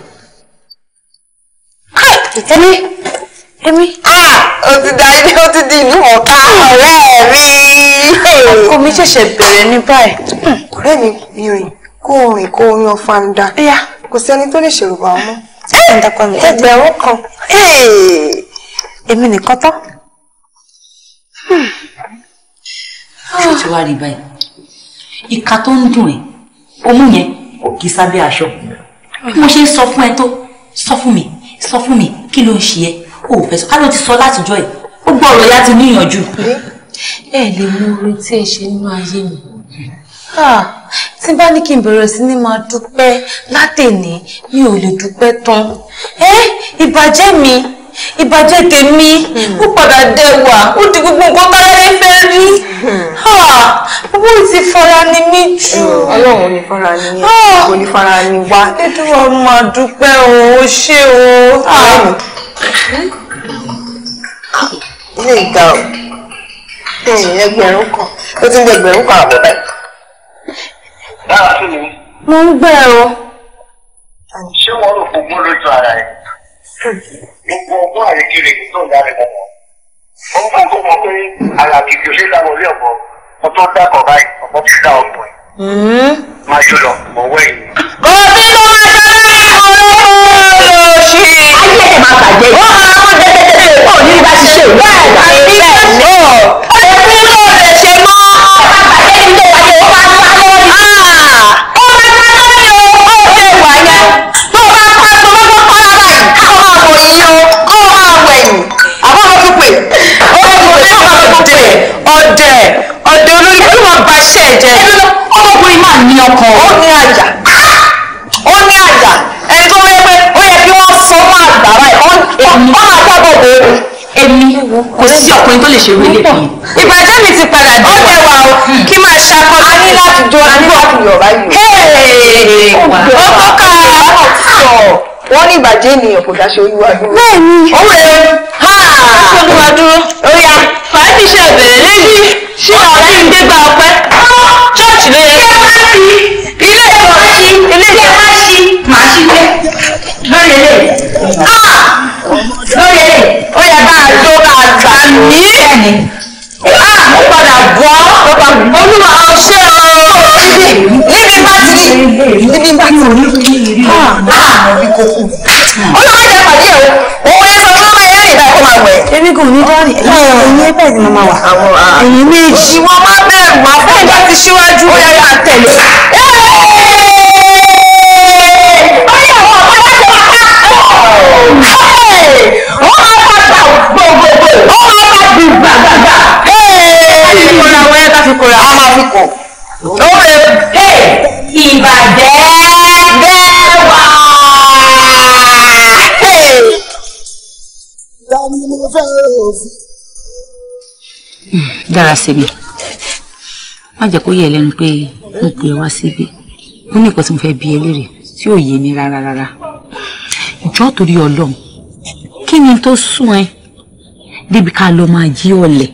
èmi èmi. o ah! ti da ilé o ti di ìlú ọ̀ka ọ̀rẹ́ mi. ọkọ mi ṣẹ̀ṣẹ̀ bẹ̀rẹ̀ ní báyìí. ọ̀rẹ́ mi mi rìn kó rìn kó yan fanda kò sí ẹni tó lè ṣèrò bá ọmọ. ẹgbẹ̀rún kan. èmi nìkan tán. Hmm. ṣé o ti wá rí báyìí ìka tó ń dùn ẹ́ ọmú yẹn kò kí sábẹ́ aṣọ mo ṣe ń sọ fún ẹ tó sọ fún mi sọ fún mi kí ló ń ṣe ẹ́ o ò fẹ́ sọ káàló ti sọ látijọ́ ẹ̀ ó gbọ́ ọ̀rọ̀ ya ti níyànjú. Eh? ẹ lè mú orin tí ẹ ṣe nínú ayé mi. Ah! tí bá ní kí n bẹ̀rẹ̀ sí ní máa dúpẹ́ látẹ̀ní mi ò lè dúpẹ́ tán ìbàjẹ́ mi ìbàjẹ́ tèmi ó padà dẹwà ó di gbogbo nǹkan táyé fẹ́ rí gbogbo ti fara ni mí jù. ọlọ́run ní fara ni mí kò ní fara ni wá. nítorí wọn máa dúpẹ́ o ó ṣé o. ilé ìga o ẹgbẹ̀rún kan ó ti ń gbẹgbẹ̀rún kan àbọ̀ báyìí dára sí mi. mo ń gbẹ ọ. ṣé wọn rò gbogbo lójú ara ẹ gbogbo ọgbọ́n àrékèrè tó ń darí mọ́ wọn fún kó mọ̀ pé alàkìkì ò ṣe é dáwọ́ ilé ọ̀pọ̀ wọn tó dákọ̀ báyìí ọ̀pọ̀ ti dá ọ̀pọ̀ ẹ̀. Hmm. máa jọ lọ mọ̀ wẹ́yìn. kò sí ló máa ṣe é kó ló ayé ẹ̀ máa bàjẹ́. ó máa kó ní ọ̀dẹ̀ ọ̀dẹ̀ ọ̀dẹ̀ olórí pẹ̀lú wọn bá iṣẹ́ ẹ̀ jẹ́. ẹ lọ́nà ọmọkùnrin máa ní ọkàn ó ní àyà ó ní àyà ẹni tó wáyé pé ó yẹ kí wọ́n sọ fún àgbà rẹ̀ ọmọ àgbàbọ̀ bò ó. èmi kò sí ọkùnrin tó lè ṣe wílé mi. ìgbà tí mi ti padà dé ọ̀dẹ̀ wa o hmm. kí máa ṣakọ a ní láti jọ a ní láti yọ̀ báyìí. ọkọ ká ọmọ ti sọ wọ́n ní ìbàjẹ́ ènìyàn kò dáṣe oyún wa dúró. bẹ́ẹ̀ni owó ẹ ha oyún wa dúró ó yá ti ṣe bẹ̀rẹ̀ lẹ́bí ṣé ọ̀rẹ́ ń gbégbá ọpẹ́ ṣọ́ọ̀ṣì ló yẹ kí wọ́n fi ilé ìwọ̀ ṣí ilé ìwọ̀ wá ṣí màá ṣí pé lórí ilé lórí ilé ó yẹ ká tó ká gbà mí ẹni ó padà bọ́ olúwa ọṣẹ́ o níbi bá ti níbi bá ti rí olúwa kò ní dárì ẹ̀yìn ẹ̀bẹ̀ ni mo máa wà ẹ̀yìn méjì. ìwọ máa bẹ̀rù wá fún ìgbà tí síwájú ó yára tẹ̀lé. ó máa bá gbogbogbò ó máa bá bí gbàgbàgbà. láti kóra wẹ́rẹ́ láti kóra á máa fi kọ̀. ó lè ìbàjẹ́. dára sẹ́mi má jẹ́ kó yẹ ẹ lẹ́nu pé mo pè ẹ wá síbi ó ní nǹkan tí mo fẹ́ bi ẹ léèrè tí ò yé mi rárá rárá jọ́ torí ọlọ́run kí ni tó sún ẹ débi ká lọ máa jí ọ̀lẹ̀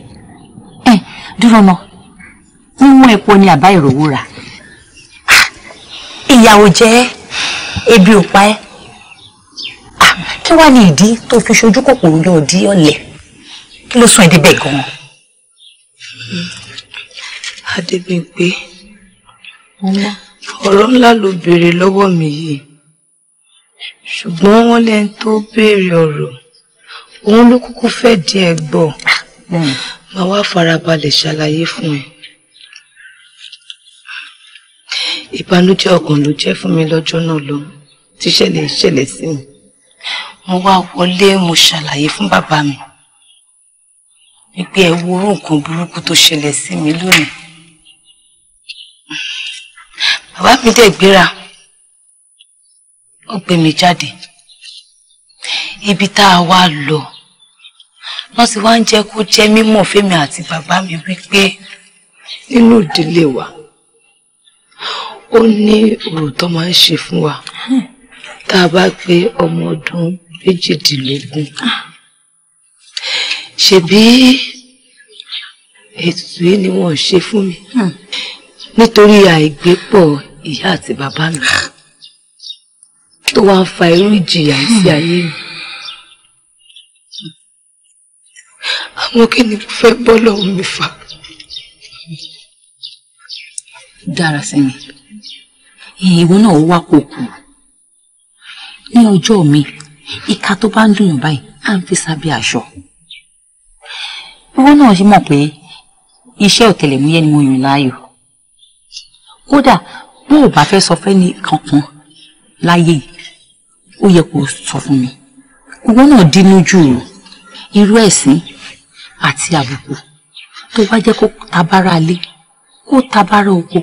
ẹ dúró náà ń mú epo ní àbá ìrówó rà ìyàwó jẹ ẹ ebi ò pa ẹ ah, kí wàá ní ìdí tó fi ṣojú kòkòrò lọ di ọ̀lẹ̀ kí ló sún ẹ débẹ̀ gan-an. Adébímpé, ọ̀rọ̀ ńlá ló béèrè lọ́wọ́ mi yìí. Ṣùgbọ́n wọ́n lẹ́ni tó béèrè ọ̀rọ̀. Òun ló kúkú fẹ́ dín ẹ gbọ́. Hmm. Màá wá farabalẹ̀ ṣàlàyé fún ẹ. Ìbànújẹ́ ọkàn ló jẹ́ fún mi lọ́jọ́ náà lọ tíṣẹ̀lẹ̀ ìṣẹ̀lẹ̀ sí mi. Mo wá wọlé mo ṣàlàyé fún bàbá mi wípé ẹ wo orú nǹkan burúkú tó ṣẹlẹ̀ sí mi lónìí bàbá mi dẹ̀ gbéra ó gbé mi jáde ibi tá a wá lọ wọ́n ti wá ń jẹ́ kó jẹ́ mímọ̀ fẹ́mi àti bàbá mi wípé nínú ìdílé wa ó ní ọ̀rọ̀ tó máa ń ṣe fún wa hmm. tá a bá pé ọmọ ọdún méjìdínlógún. Ah ṣebí ètùtù yìí ni wọ́n ṣe fún mi hmm. nítorí àìgbépọ̀ ìyá àti bàbá mi tó wá ń fa irú ìjìyà sí hmm. ayé mi. àwọn kí ni mo fẹ́ bọ́ lọ́wọ́ mi fà. dára sẹ́mi ìwọ náà wá kó kù ní ọjọ́ mi ìka tó bá ń dùn yàn báyìí à ń fi sábẹ́ aṣọ ìwọ náà ṣe mọ̀ pé iṣẹ́ ọ̀tẹlẹ̀múyẹ́ ni mo yàn láàyò kódà bó o bá fẹ́ sọ fẹ́ni kankan láyé yìí ó yẹ kó sọ fún mi ìwọ náà dínú jù ú irú ẹ̀sìn àti àbùkù tó wá jẹ́ kó tabára alé kó tabára oko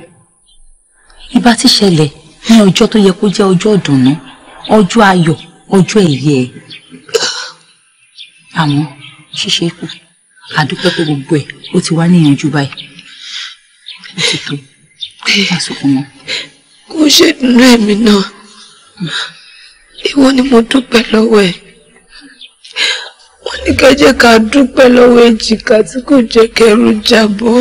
ibà ti ṣẹlẹ̀ ní ọjọ́ tó yẹ kó jẹ́ ọjọ́ ìdùnnú ọjọ́ ayọ̀ ọjọ́ ẹ̀yẹ àmọ́ ṣíṣe kù àdúpẹ́ pé gbogbo ẹ̀ ó ti wá níyanjú báyìí ó ti tó nígbà sókun mọ́. kò ṣe dùnú ẹ̀mí náà ìwọ ni mo dúpẹ́ lọ́wọ́ ẹ̀ wọ́n ní ká jẹ́ ká dúpẹ́ lọ́wọ́ èjìká tí kò jẹ́ kẹrù jábọ́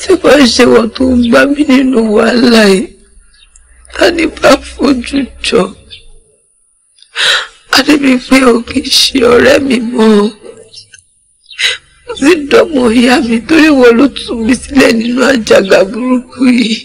tí wọ́n ṣe wọ́n tó ń gbá mi nínú wàhálà yìí ta ni bá fojú jọ adébíyí pé ò kì ṣe ọ̀rẹ́ mi mọ́ ọ́ sì dọ́mọ ìyá mi torí wọn ló tún mi sílẹ̀ nínú àjàgà burúkú yìí.